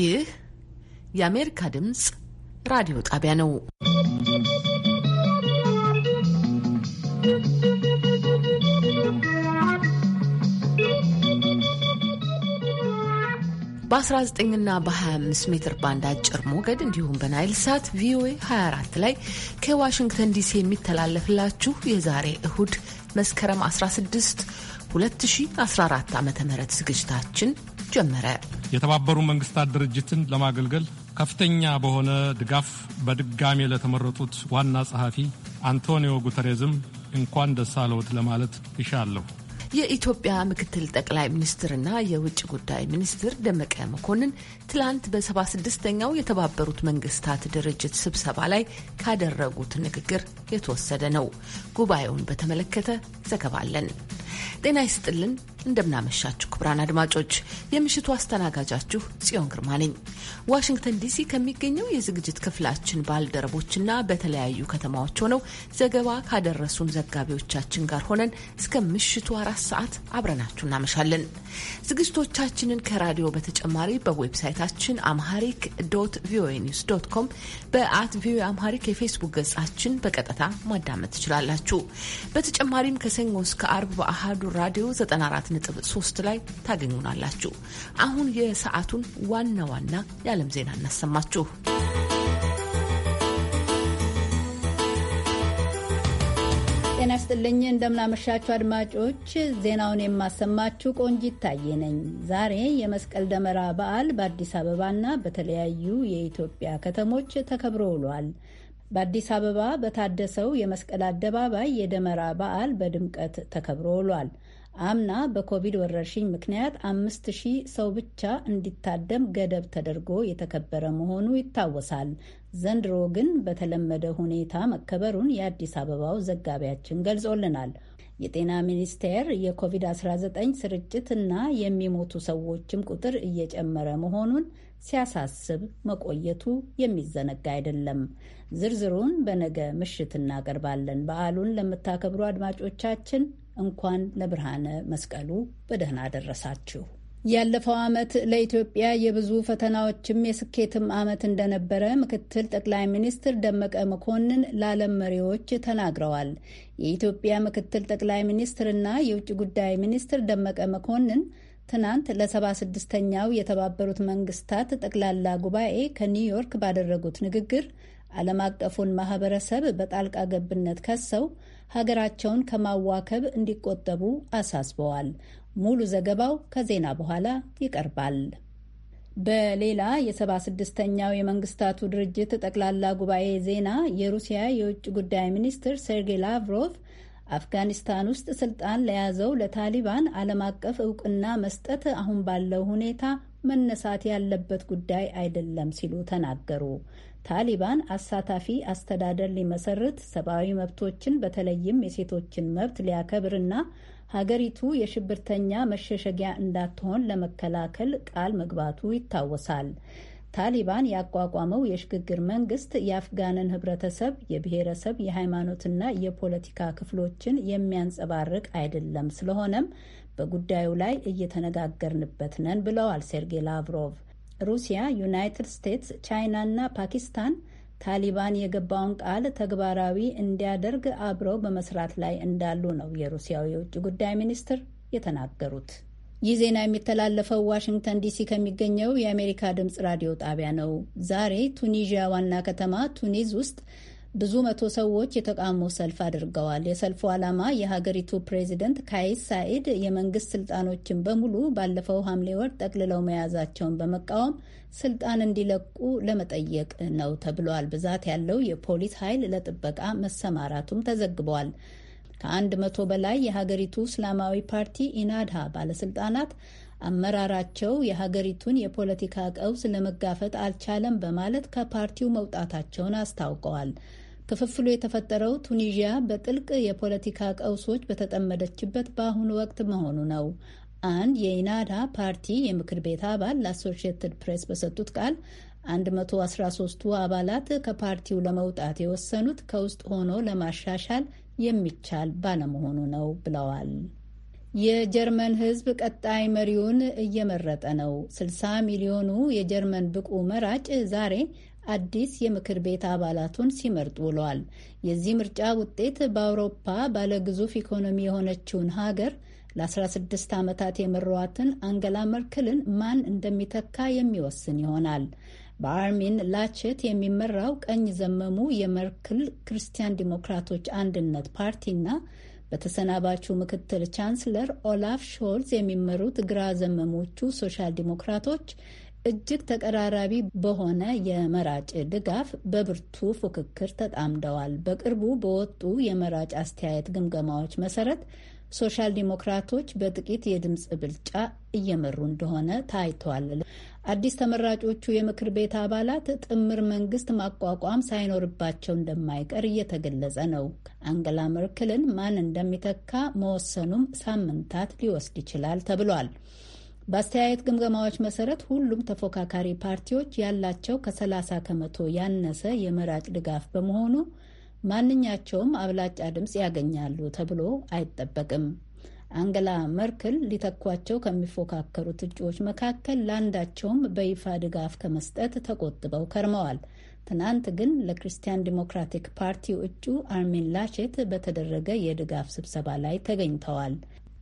ይህ የአሜሪካ ድምፅ ራዲዮ ጣቢያ ነው። በ19 ና በ25 ሜትር ባንድ አጭር ሞገድ እንዲሁም በናይል ሳት ቪኦኤ 24 ላይ ከዋሽንግተን ዲሲ የሚተላለፍላችሁ የዛሬ እሁድ መስከረም 16 2014 ዓ ም ዝግጅታችን ጀመረ። የተባበሩ መንግስታት ድርጅትን ለማገልገል ከፍተኛ በሆነ ድጋፍ በድጋሜ ለተመረጡት ዋና ጸሐፊ አንቶኒዮ ጉተሬዝም እንኳን ደስ አለዎት ለማለት ይሻለሁ። የኢትዮጵያ ምክትል ጠቅላይ ሚኒስትርና የውጭ ጉዳይ ሚኒስትር ደመቀ መኮንን ትላንት በሰባ ስድስተኛው የተባበሩት መንግስታት ድርጅት ስብሰባ ላይ ካደረጉት ንግግር የተወሰደ ነው። ጉባኤውን በተመለከተ ዘገባ ጤና ይስጥልን። እንደምናመሻችሁ ክቡራን አድማጮች፣ የምሽቱ አስተናጋጃችሁ ጽዮን ግርማ ነኝ። ዋሽንግተን ዲሲ ከሚገኘው የዝግጅት ክፍላችን ባልደረቦችና በተለያዩ ከተማዎች ሆነው ዘገባ ካደረሱን ዘጋቢዎቻችን ጋር ሆነን እስከ ምሽቱ አራት ሰዓት አብረናችሁ እናመሻለን። ዝግጅቶቻችንን ከራዲዮ በተጨማሪ በዌብሳይታችን አምሃሪክ ዶት ቪኦኤ ኒውስ ዶት ኮም፣ በአት ቪኦኤ አምሃሪክ የፌስቡክ ገጻችን በቀጥታ ማዳመጥ ትችላላችሁ። በተጨማሪም ከሰኞ እስከ አርብ በአሃዱ ራዲዮ 94 94.3 ላይ ታገኙናላችሁ። አሁን የሰዓቱን ዋና ዋና የዓለም ዜና እናሰማችሁ። ጤና ይስጥልኝ። እንደምናመሻችሁ አድማጮች፣ ዜናውን የማሰማችሁ ቆንጅ ይታየ ነኝ። ዛሬ የመስቀል ደመራ በዓል በአዲስ አበባና በተለያዩ የኢትዮጵያ ከተሞች ተከብሮ ውሏል። በአዲስ አበባ በታደሰው የመስቀል አደባባይ የደመራ በዓል በድምቀት ተከብሮ ውሏል። አምና በኮቪድ ወረርሽኝ ምክንያት አምስት ሺህ ሰው ብቻ እንዲታደም ገደብ ተደርጎ የተከበረ መሆኑ ይታወሳል። ዘንድሮ ግን በተለመደ ሁኔታ መከበሩን የአዲስ አበባው ዘጋቢያችን ገልጾልናል። የጤና ሚኒስቴር የኮቪድ-19 ስርጭት እና የሚሞቱ ሰዎችም ቁጥር እየጨመረ መሆኑን ሲያሳስብ መቆየቱ የሚዘነጋ አይደለም። ዝርዝሩን በነገ ምሽት እናቀርባለን። በዓሉን ለምታከብሩ አድማጮቻችን እንኳን ለብርሃነ መስቀሉ በደህና ደረሳችሁ። ያለፈው ዓመት ለኢትዮጵያ የብዙ ፈተናዎችም የስኬትም ዓመት እንደነበረ ምክትል ጠቅላይ ሚኒስትር ደመቀ መኮንን ለዓለም መሪዎች ተናግረዋል። የኢትዮጵያ ምክትል ጠቅላይ ሚኒስትርና የውጭ ጉዳይ ሚኒስትር ደመቀ መኮንን ትናንት ለ76ኛው የተባበሩት መንግስታት ጠቅላላ ጉባኤ ከኒውዮርክ ባደረጉት ንግግር ዓለም አቀፉን ማህበረሰብ በጣልቃ ገብነት ከሰው ሀገራቸውን ከማዋከብ እንዲቆጠቡ አሳስበዋል። ሙሉ ዘገባው ከዜና በኋላ ይቀርባል። በሌላ የ 76 ድስተኛው የመንግስታቱ ድርጅት ጠቅላላ ጉባኤ ዜና የሩሲያ የውጭ ጉዳይ ሚኒስትር ሴርጌይ ላቭሮቭ አፍጋኒስታን ውስጥ ስልጣን ለያዘው ለታሊባን ዓለም አቀፍ እውቅና መስጠት አሁን ባለው ሁኔታ መነሳት ያለበት ጉዳይ አይደለም ሲሉ ተናገሩ። ታሊባን አሳታፊ አስተዳደር ሊመሰርት ሰብአዊ መብቶችን በተለይም የሴቶችን መብት ሊያከብርና ሀገሪቱ የሽብርተኛ መሸሸጊያ እንዳትሆን ለመከላከል ቃል መግባቱ ይታወሳል። ታሊባን ያቋቋመው የሽግግር መንግስት የአፍጋንን ህብረተሰብ የብሔረሰብ የሃይማኖትና የፖለቲካ ክፍሎችን የሚያንጸባርቅ አይደለም። ስለሆነም በጉዳዩ ላይ እየተነጋገርንበት ነን ብለዋል ሴርጌ ላቭሮቭ። ሩሲያ፣ ዩናይትድ ስቴትስ፣ ቻይናና ፓኪስታን ታሊባን የገባውን ቃል ተግባራዊ እንዲያደርግ አብረው በመስራት ላይ እንዳሉ ነው የሩሲያው የውጭ ጉዳይ ሚኒስትር የተናገሩት። ይህ ዜና የሚተላለፈው ዋሽንግተን ዲሲ ከሚገኘው የአሜሪካ ድምፅ ራዲዮ ጣቢያ ነው። ዛሬ ቱኒዥያ ዋና ከተማ ቱኒዝ ውስጥ ብዙ መቶ ሰዎች የተቃውሞ ሰልፍ አድርገዋል። የሰልፉ ዓላማ የሀገሪቱ ፕሬዚደንት ካይስ ሳኢድ የመንግስት ስልጣኖችን በሙሉ ባለፈው ሐምሌ ወር ጠቅልለው መያዛቸውን በመቃወም ስልጣን እንዲለቁ ለመጠየቅ ነው ተብሏል። ብዛት ያለው የፖሊስ ኃይል ለጥበቃ መሰማራቱም ተዘግቧል። ከአንድ መቶ በላይ የሀገሪቱ እስላማዊ ፓርቲ ኢናድሃ ባለስልጣናት አመራራቸው የሀገሪቱን የፖለቲካ ቀውስ ለመጋፈጥ አልቻለም በማለት ከፓርቲው መውጣታቸውን አስታውቀዋል። ክፍፍሉ የተፈጠረው ቱኒዥያ በጥልቅ የፖለቲካ ቀውሶች በተጠመደችበት በአሁኑ ወቅት መሆኑ ነው። አንድ የኢናዳ ፓርቲ የምክር ቤት አባል ለአሶሺየትድ ፕሬስ በሰጡት ቃል 113ቱ አባላት ከፓርቲው ለመውጣት የወሰኑት ከውስጥ ሆኖ ለማሻሻል የሚቻል ባለመሆኑ ነው ብለዋል። የጀርመን ሕዝብ ቀጣይ መሪውን እየመረጠ ነው። 60 ሚሊዮኑ የጀርመን ብቁ መራጭ ዛሬ አዲስ የምክር ቤት አባላቱን ሲመርጥ ውሏል። የዚህ ምርጫ ውጤት በአውሮፓ ባለግዙፍ ኢኮኖሚ የሆነችውን ሀገር ለ16 ዓመታት የመሯትን አንገላ መርክልን ማን እንደሚተካ የሚወስን ይሆናል። በአርሚን ላቼት የሚመራው ቀኝ ዘመሙ የመርክል ክርስቲያን ዲሞክራቶች አንድነት ፓርቲና በተሰናባቹ ምክትል ቻንስለር ኦላፍ ሾልዝ የሚመሩት ግራ ዘመሞቹ ሶሻል ዲሞክራቶች እጅግ ተቀራራቢ በሆነ የመራጭ ድጋፍ በብርቱ ፉክክር ተጣምደዋል። በቅርቡ በወጡ የመራጭ አስተያየት ግምገማዎች መሰረት ሶሻል ዲሞክራቶች በጥቂት የድምፅ ብልጫ እየመሩ እንደሆነ ታይቷል። አዲስ ተመራጮቹ የምክር ቤት አባላት ጥምር መንግስት ማቋቋም ሳይኖርባቸው እንደማይቀር እየተገለጸ ነው። አንገላ መርክልን ማን እንደሚተካ መወሰኑም ሳምንታት ሊወስድ ይችላል ተብሏል። በአስተያየት ግምገማዎች መሰረት ሁሉም ተፎካካሪ ፓርቲዎች ያላቸው ከ30 ከመቶ ያነሰ የመራጭ ድጋፍ በመሆኑ ማንኛቸውም አብላጫ ድምፅ ያገኛሉ ተብሎ አይጠበቅም። አንገላ መርክል ሊተኳቸው ከሚፎካከሩት እጩዎች መካከል ለአንዳቸውም በይፋ ድጋፍ ከመስጠት ተቆጥበው ከርመዋል። ትናንት ግን ለክርስቲያን ዲሞክራቲክ ፓርቲው እጩ አርሚን ላሼት በተደረገ የድጋፍ ስብሰባ ላይ ተገኝተዋል።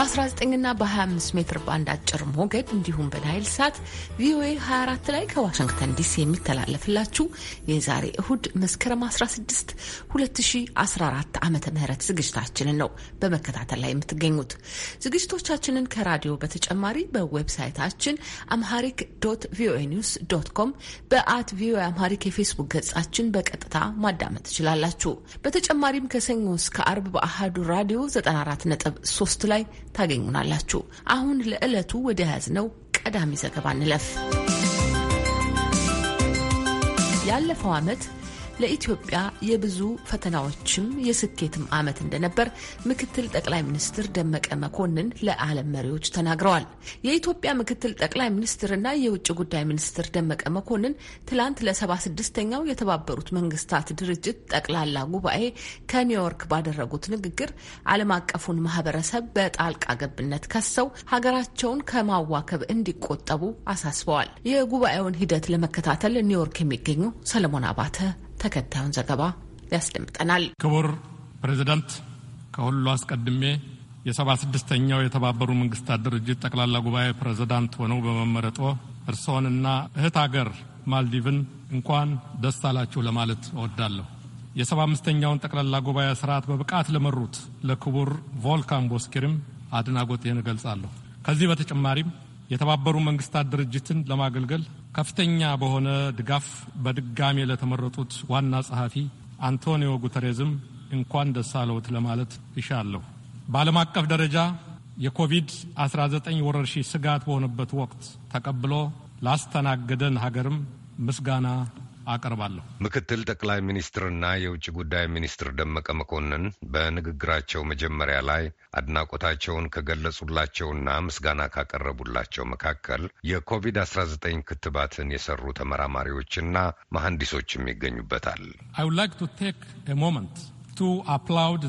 በ19 ና በ25 ሜትር ባንድ አጭር ሞገድ እንዲሁም በናይል ሳት ቪኦኤ 24 ላይ ከዋሽንግተን ዲሲ የሚተላለፍላችሁ የዛሬ እሁድ መስከረም 16 2014 ዓ ምህረት ዝግጅታችንን ነው በመከታተል ላይ የምትገኙት። ዝግጅቶቻችንን ከራዲዮ በተጨማሪ በዌብሳይታችን አምሃሪክ ዶት ቪኦኤ ኒውስ ዶት ኮም፣ በአት ቪኦኤ አምሃሪክ የፌስቡክ ገጻችን በቀጥታ ማዳመጥ ትችላላችሁ። በተጨማሪም ከሰኞ እስከ አርብ በአሃዱ ራዲዮ 94.3 ላይ ታገኙናላችሁ። አሁን ለዕለቱ ወደ ያዝነው ቀዳሚ ዘገባ እንለፍ። ያለፈው ዓመት ለኢትዮጵያ የብዙ ፈተናዎችም የስኬትም ዓመት እንደነበር ምክትል ጠቅላይ ሚኒስትር ደመቀ መኮንን ለዓለም መሪዎች ተናግረዋል። የኢትዮጵያ ምክትል ጠቅላይ ሚኒስትርና የውጭ ጉዳይ ሚኒስትር ደመቀ መኮንን ትላንት ለ76ኛው የተባበሩት መንግስታት ድርጅት ጠቅላላ ጉባኤ ከኒውዮርክ ባደረጉት ንግግር ዓለም አቀፉን ማህበረሰብ በጣልቃ ገብነት ከሰው ሀገራቸውን ከማዋከብ እንዲቆጠቡ አሳስበዋል። የጉባኤውን ሂደት ለመከታተል ኒውዮርክ የሚገኙ ሰለሞን አባተ ተከታዩን ዘገባ ያስደምጠናል። ክቡር ፕሬዚደንት፣ ከሁሉ አስቀድሜ የሰባ ስድስተኛው የተባበሩ መንግስታት ድርጅት ጠቅላላ ጉባኤ ፕሬዚዳንት ሆነው በመመረጦ እርስዎንና እህት አገር ማልዲቭን እንኳን ደስ አላችሁ ለማለት እወዳለሁ። የሰባ አምስተኛውን ጠቅላላ ጉባኤ ስርዓት በብቃት ለመሩት ለክቡር ቮልካን ቦስኪርም አድናቆቴን እገልጻለሁ። ከዚህ በተጨማሪም የተባበሩ መንግስታት ድርጅትን ለማገልገል ከፍተኛ በሆነ ድጋፍ በድጋሜ ለተመረጡት ዋና ጸሐፊ አንቶኒዮ ጉተሬዝም እንኳን ደስ አለዎት ለማለት እሻለሁ። በዓለም አቀፍ ደረጃ የኮቪድ-19 ወረርሽኝ ስጋት በሆነበት ወቅት ተቀብሎ ላስተናገደን ሀገርም ምስጋና አቀርባለሁ። ምክትል ጠቅላይ ሚኒስትርና የውጭ ጉዳይ ሚኒስትር ደመቀ መኮንን በንግግራቸው መጀመሪያ ላይ አድናቆታቸውን ከገለጹላቸውና ምስጋና ካቀረቡላቸው መካከል የኮቪድ-19 ክትባትን የሰሩ ተመራማሪዎችና መሐንዲሶችም ይገኙበታል። I would like ቱ take a moment to applaud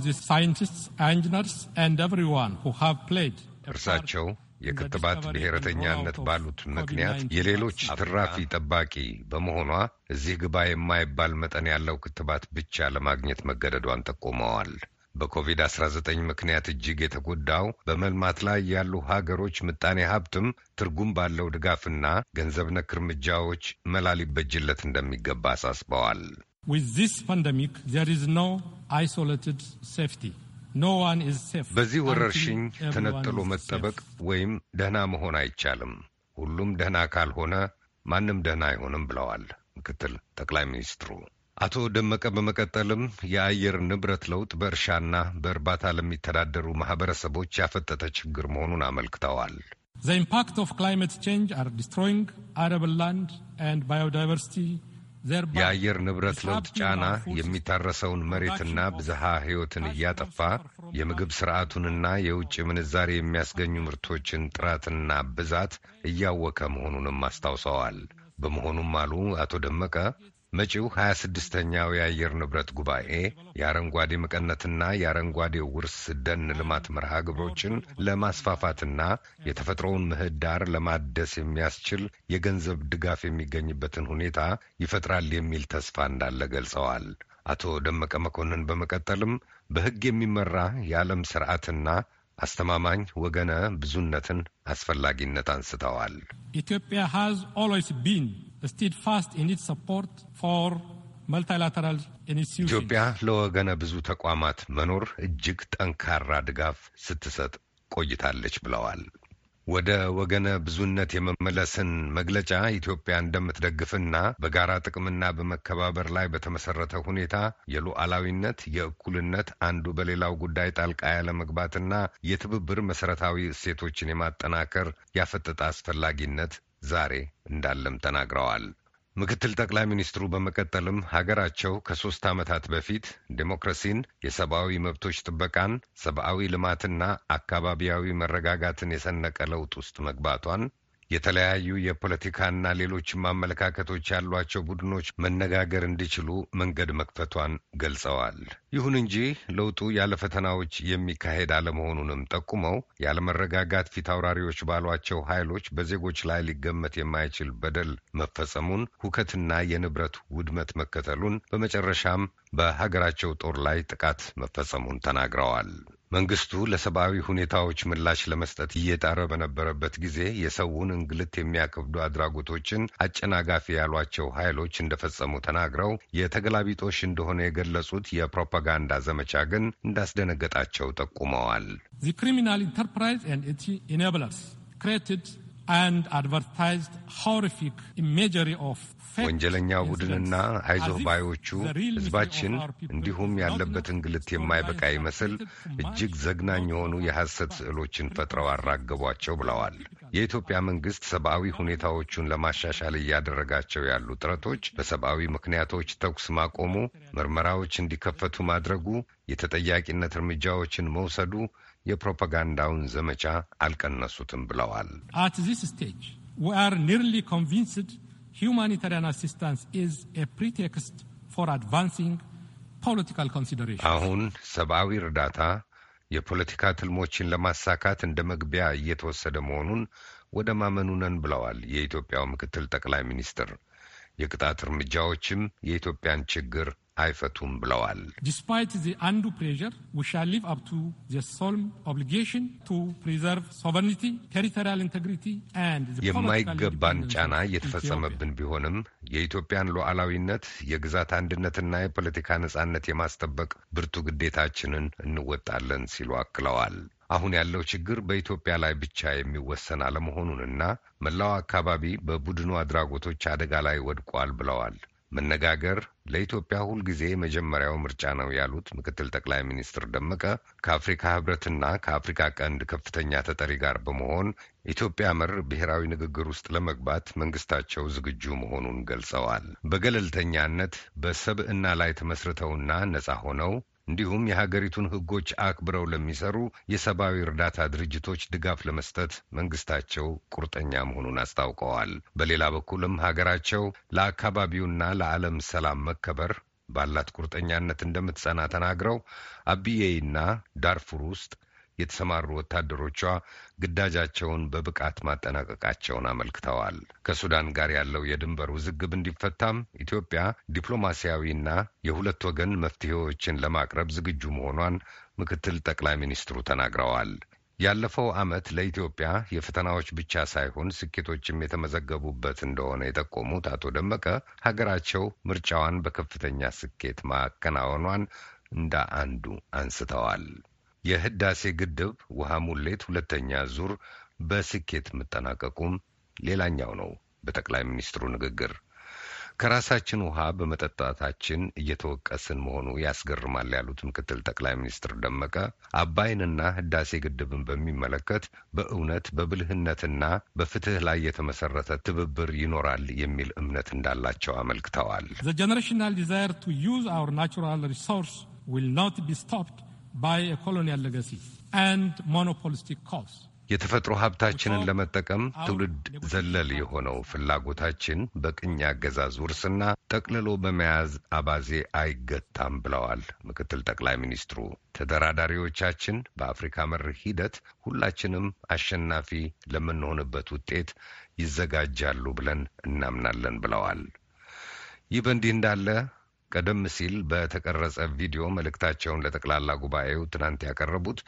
እርሳቸው የክትባት ብሔረተኛነት ባሉት ምክንያት የሌሎች ትራፊ ጠባቂ በመሆኗ እዚህ ግባ የማይባል መጠን ያለው ክትባት ብቻ ለማግኘት መገደዷን ጠቁመዋል። በኮቪድ-19 ምክንያት እጅግ የተጎዳው በመልማት ላይ ያሉ ሀገሮች ምጣኔ ሀብትም ትርጉም ባለው ድጋፍና ገንዘብ ነክ እርምጃዎች መላ ሊበጅለት እንደሚገባ አሳስበዋል። With this pandemic, there is no isolated safety. በዚህ ወረርሽኝ ተነጥሎ መጠበቅ ወይም ደህና መሆን አይቻልም። ሁሉም ደህና ካልሆነ ማንም ደህና አይሆንም ብለዋል ምክትል ጠቅላይ ሚኒስትሩ አቶ ደመቀ። በመቀጠልም የአየር ንብረት ለውጥ በእርሻና በእርባታ ለሚተዳደሩ ማህበረሰቦች ያፈጠጠ ችግር መሆኑን አመልክተዋል። ዘ ኢምፓክት ኦፍ ክላይሜት ቼንጅ አር ዲስትሮይንግ አረብል ላንድ ኤንድ ባዮዳይቨርሲቲ የአየር ንብረት ለውጥ ጫና የሚታረሰውን መሬትና ብዝሃ ሕይወትን እያጠፋ የምግብ ስርዓቱንና የውጭ ምንዛሬ የሚያስገኙ ምርቶችን ጥራትና ብዛት እያወከ መሆኑንም አስታውሰዋል። በመሆኑም አሉ አቶ ደመቀ መጪው 26ኛው የአየር ንብረት ጉባኤ የአረንጓዴ መቀነትና የአረንጓዴ ውርስ ደን ልማት መርሃ ግብሮችን ለማስፋፋትና የተፈጥሮውን ምህዳር ለማደስ የሚያስችል የገንዘብ ድጋፍ የሚገኝበትን ሁኔታ ይፈጥራል የሚል ተስፋ እንዳለ ገልጸዋል። አቶ ደመቀ መኮንን በመቀጠልም በሕግ የሚመራ የዓለም ስርዓትና አስተማማኝ ወገነ ብዙነትን አስፈላጊነት አንስተዋል። ኢትዮጵያ ሃዝ ኦልዌይስ ቢን steadfast ኢትዮጵያ ለወገነ ብዙ ተቋማት መኖር እጅግ ጠንካራ ድጋፍ ስትሰጥ ቆይታለች ብለዋል። ወደ ወገነ ብዙነት የመመለስን መግለጫ ኢትዮጵያ እንደምትደግፍና በጋራ ጥቅምና በመከባበር ላይ በተመሰረተ ሁኔታ የሉዓላዊነት፣ የእኩልነት፣ አንዱ በሌላው ጉዳይ ጣልቃ ያለመግባትና የትብብር መሰረታዊ እሴቶችን የማጠናከር ያፈጠጠ አስፈላጊነት ዛሬ እንዳለም ተናግረዋል። ምክትል ጠቅላይ ሚኒስትሩ በመቀጠልም ሀገራቸው ከሶስት ዓመታት በፊት ዴሞክራሲን፣ የሰብአዊ መብቶች ጥበቃን፣ ሰብአዊ ልማትና አካባቢያዊ መረጋጋትን የሰነቀ ለውጥ ውስጥ መግባቷን የተለያዩ የፖለቲካና ሌሎችም አመለካከቶች ያሏቸው ቡድኖች መነጋገር እንዲችሉ መንገድ መክፈቷን ገልጸዋል። ይሁን እንጂ ለውጡ ያለ ፈተናዎች የሚካሄድ አለመሆኑንም ጠቁመው ያለመረጋጋት ፊት አውራሪዎች ባሏቸው ኃይሎች በዜጎች ላይ ሊገመት የማይችል በደል መፈጸሙን፣ ሁከትና የንብረት ውድመት መከተሉን፣ በመጨረሻም በሀገራቸው ጦር ላይ ጥቃት መፈጸሙን ተናግረዋል። መንግስቱ ለሰብአዊ ሁኔታዎች ምላሽ ለመስጠት እየጣረ በነበረበት ጊዜ የሰውን እንግልት የሚያከብዱ አድራጎቶችን አጨናጋፊ ያሏቸው ኃይሎች እንደፈጸሙ ተናግረው የተገላቢጦሽ እንደሆነ የገለጹት የፕሮፓጋንዳ ዘመቻ ግን እንዳስደነገጣቸው ጠቁመዋል። The criminal enterprise and ወንጀለኛው ቡድንና አይዞህ ባዮቹ ህዝባችን እንዲሁም ያለበትን ግልት የማይበቃ ይመስል እጅግ ዘግናኝ የሆኑ የሐሰት ስዕሎችን ፈጥረው አራገቧቸው ብለዋል። የኢትዮጵያ መንግሥት ሰብአዊ ሁኔታዎቹን ለማሻሻል እያደረጋቸው ያሉ ጥረቶች በሰብአዊ ምክንያቶች ተኩስ ማቆሙ፣ ምርመራዎች እንዲከፈቱ ማድረጉ፣ የተጠያቂነት እርምጃዎችን መውሰዱ የፕሮፓጋንዳውን ዘመቻ አልቀነሱትም ብለዋል። humanitarian አሲስታንስ ኢዝ a pretext for advancing political considerations. አሁን ሰብአዊ እርዳታ የፖለቲካ ትልሞችን ለማሳካት እንደ መግቢያ እየተወሰደ መሆኑን ወደ ማመኑ ነን ብለዋል የኢትዮጵያው ምክትል ጠቅላይ ሚኒስትር። የቅጣት እርምጃዎችም የኢትዮጵያን ችግር አይፈቱም ብለዋል። የማይገባን ጫና እየተፈጸመብን ቢሆንም የኢትዮጵያን ሉዓላዊነት፣ የግዛት አንድነትና የፖለቲካ ነጻነት የማስጠበቅ ብርቱ ግዴታችንን እንወጣለን ሲሉ አክለዋል። አሁን ያለው ችግር በኢትዮጵያ ላይ ብቻ የሚወሰን አለመሆኑንና መላው አካባቢ በቡድኑ አድራጎቶች አደጋ ላይ ወድቋል ብለዋል። መነጋገር ለኢትዮጵያ ሁልጊዜ መጀመሪያው ምርጫ ነው ያሉት ምክትል ጠቅላይ ሚኒስትር ደመቀ ከአፍሪካ ህብረትና ከአፍሪካ ቀንድ ከፍተኛ ተጠሪ ጋር በመሆን ኢትዮጵያ መር ብሔራዊ ንግግር ውስጥ ለመግባት መንግስታቸው ዝግጁ መሆኑን ገልጸዋል። በገለልተኛነት በሰብዕና ላይ ተመስርተውና ነጻ ሆነው እንዲሁም የሀገሪቱን ሕጎች አክብረው ለሚሰሩ የሰብአዊ እርዳታ ድርጅቶች ድጋፍ ለመስጠት መንግስታቸው ቁርጠኛ መሆኑን አስታውቀዋል። በሌላ በኩልም ሀገራቸው ለአካባቢውና ለዓለም ሰላም መከበር ባላት ቁርጠኛነት እንደምትጸና ተናግረው አብዬይና ዳርፉር ውስጥ የተሰማሩ ወታደሮቿ ግዳጃቸውን በብቃት ማጠናቀቃቸውን አመልክተዋል። ከሱዳን ጋር ያለው የድንበር ውዝግብ እንዲፈታም ኢትዮጵያ ዲፕሎማሲያዊና የሁለት ወገን መፍትሄዎችን ለማቅረብ ዝግጁ መሆኗን ምክትል ጠቅላይ ሚኒስትሩ ተናግረዋል። ያለፈው ዓመት ለኢትዮጵያ የፈተናዎች ብቻ ሳይሆን ስኬቶችም የተመዘገቡበት እንደሆነ የጠቆሙት አቶ ደመቀ ሀገራቸው ምርጫዋን በከፍተኛ ስኬት ማከናወኗን እንደ አንዱ አንስተዋል። የህዳሴ ግድብ ውሃ ሙሌት ሁለተኛ ዙር በስኬት መጠናቀቁም ሌላኛው ነው። በጠቅላይ ሚኒስትሩ ንግግር ከራሳችን ውሃ በመጠጣታችን እየተወቀስን መሆኑ ያስገርማል ያሉት ምክትል ጠቅላይ ሚኒስትር ደመቀ አባይንና ህዳሴ ግድብን በሚመለከት በእውነት በብልህነትና በፍትህ ላይ የተመሰረተ ትብብር ይኖራል የሚል እምነት እንዳላቸው አመልክተዋል። The generational desire to use our natural resource will የተፈጥሮ ሀብታችንን ለመጠቀም ትውልድ ዘለል የሆነው ፍላጎታችን በቅኝ አገዛዝ ውርስና ጠቅልሎ በመያዝ አባዜ አይገታም ብለዋል ምክትል ጠቅላይ ሚኒስትሩ። ተደራዳሪዎቻችን በአፍሪካ መር ሂደት ሁላችንም አሸናፊ ለምንሆንበት ውጤት ይዘጋጃሉ ብለን እናምናለን ብለዋል። ይህ በእንዲህ እንዳለ ቀደም ሲል በተቀረጸ ቪዲዮ መልእክታቸውን ለጠቅላላ ጉባኤው ትናንት ያቀረቡት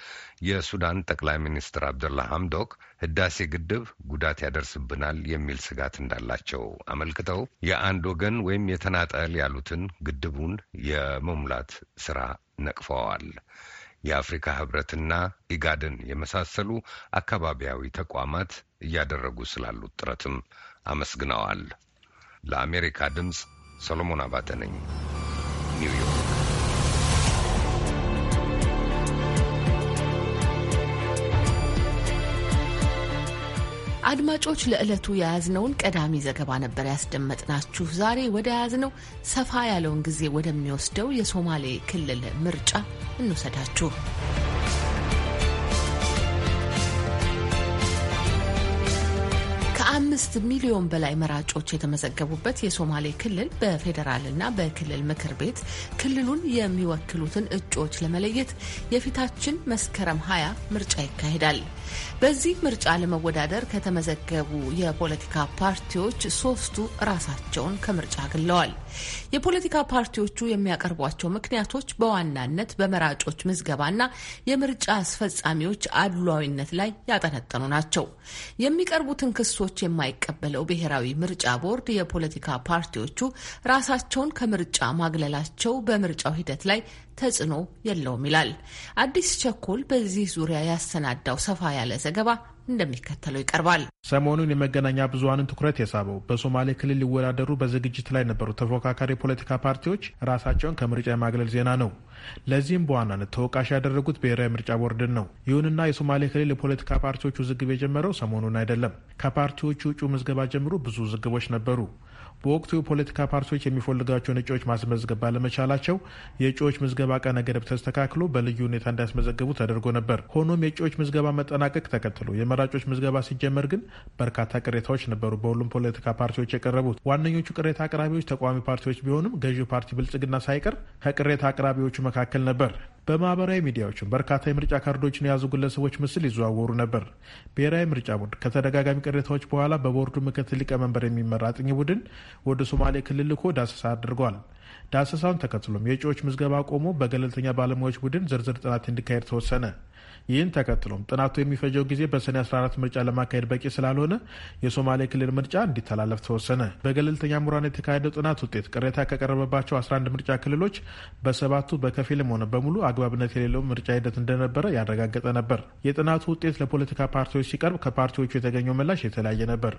የሱዳን ጠቅላይ ሚኒስትር አብደላ ሐምዶክ ህዳሴ ግድብ ጉዳት ያደርስብናል የሚል ስጋት እንዳላቸው አመልክተው የአንድ ወገን ወይም የተናጠል ያሉትን ግድቡን የመሙላት ስራ ነቅፈዋል። የአፍሪካ ህብረትና ኢጋድን የመሳሰሉ አካባቢያዊ ተቋማት እያደረጉ ስላሉት ጥረትም አመስግነዋል። ለአሜሪካ ድምፅ ሰሎሞን አባተ ነኝ፣ ኒውዮርክ። አድማጮች ለዕለቱ የያዝነውን ቀዳሚ ዘገባ ነበር ያስደመጥናችሁ። ዛሬ ወደ ያዝነው ሰፋ ያለውን ጊዜ ወደሚወስደው የሶማሌ ክልል ምርጫ እንውሰዳችሁ። ከአምስት ሚሊዮን በላይ መራጮች የተመዘገቡበት የሶማሌ ክልል በፌዴራልና በክልል ምክር ቤት ክልሉን የሚወክሉትን እጩዎች ለመለየት የፊታችን መስከረም ሀያ ምርጫ ይካሄዳል። በዚህ ምርጫ ለመወዳደር ከተመዘገቡ የፖለቲካ ፓርቲዎች ሶስቱ ራሳቸውን ከምርጫ አግለዋል። የፖለቲካ ፓርቲዎቹ የሚያቀርቧቸው ምክንያቶች በዋናነት በመራጮች ምዝገባና የምርጫ አስፈጻሚዎች አድሏዊነት ላይ ያጠነጠኑ ናቸው። የሚቀርቡትን ክሶች የማይቀበለው ብሔራዊ ምርጫ ቦርድ የፖለቲካ ፓርቲዎቹ ራሳቸውን ከምርጫ ማግለላቸው በምርጫው ሂደት ላይ ተጽዕኖ የለውም ይላል። አዲስ ቸኮል በዚህ ዙሪያ ያሰናዳው ሰፋ ያለ ዘገባ እንደሚከተለው ይቀርባል። ሰሞኑን የመገናኛ ብዙሀንን ትኩረት የሳበው በሶማሌ ክልል ሊወዳደሩ በዝግጅት ላይ የነበሩ ተፎካካሪ የፖለቲካ ፓርቲዎች ራሳቸውን ከምርጫ የማግለል ዜና ነው። ለዚህም በዋናነት ተወቃሽ ያደረጉት ብሔራዊ ምርጫ ቦርድን ነው። ይሁንና የሶማሌ ክልል የፖለቲካ ፓርቲዎች ውዝግብ የጀመረው ሰሞኑን አይደለም። ከፓርቲዎቹ እጩ ምዝገባ ጀምሮ ብዙ ውዝግቦች ነበሩ። በወቅቱ የፖለቲካ ፓርቲዎች የሚፈልጋቸውን እጩዎች ማስመዝገብ ባለመቻላቸው የእጩዎች ምዝገባ ቀነ ገደብ ተስተካክሎ በልዩ ሁኔታ እንዲያስመዘግቡ ተደርጎ ነበር። ሆኖም የእጩዎች ምዝገባ መጠናቀቅ ተከትሎ የመራጮች ምዝገባ ሲጀመር ግን በርካታ ቅሬታዎች ነበሩ በሁሉም ፖለቲካ ፓርቲዎች የቀረቡት። ዋነኞቹ ቅሬታ አቅራቢዎች ተቃዋሚ ፓርቲዎች ቢሆኑም ገዢው ፓርቲ ብልጽግና ሳይቀር ከቅሬታ አቅራቢዎቹ መካከል ነበር። በማህበራዊ ሚዲያዎችም በርካታ የምርጫ ካርዶችን የያዙ ግለሰቦች ምስል ይዘዋወሩ ነበር። ብሔራዊ ምርጫ ቦርድ ከተደጋጋሚ ቅሬታዎች በኋላ በቦርዱ ምክትል ሊቀመንበር የሚመራ አጥኚ ቡድን ወደ ሶማሌ ክልል ልኮ ዳሰሳ አድርጓል። ዳሰሳውን ተከትሎም የእጩዎች ምዝገባ ቆሞ በገለልተኛ ባለሙያዎች ቡድን ዝርዝር ጥናት እንዲካሄድ ተወሰነ። ይህን ተከትሎም ጥናቱ የሚፈጀው ጊዜ በሰኔ 14 ምርጫ ለማካሄድ በቂ ስላልሆነ የሶማሌ ክልል ምርጫ እንዲተላለፍ ተወሰነ። በገለልተኛ ምሁራን የተካሄደው ጥናት ውጤት ቅሬታ ከቀረበባቸው 11 ምርጫ ክልሎች በሰባቱ በከፊልም ሆነ በሙሉ አግባብነት የሌለው ምርጫ ሂደት እንደነበረ ያረጋገጠ ነበር። የጥናቱ ውጤት ለፖለቲካ ፓርቲዎች ሲቀርብ ከፓርቲዎቹ የተገኘው ምላሽ የተለያየ ነበር።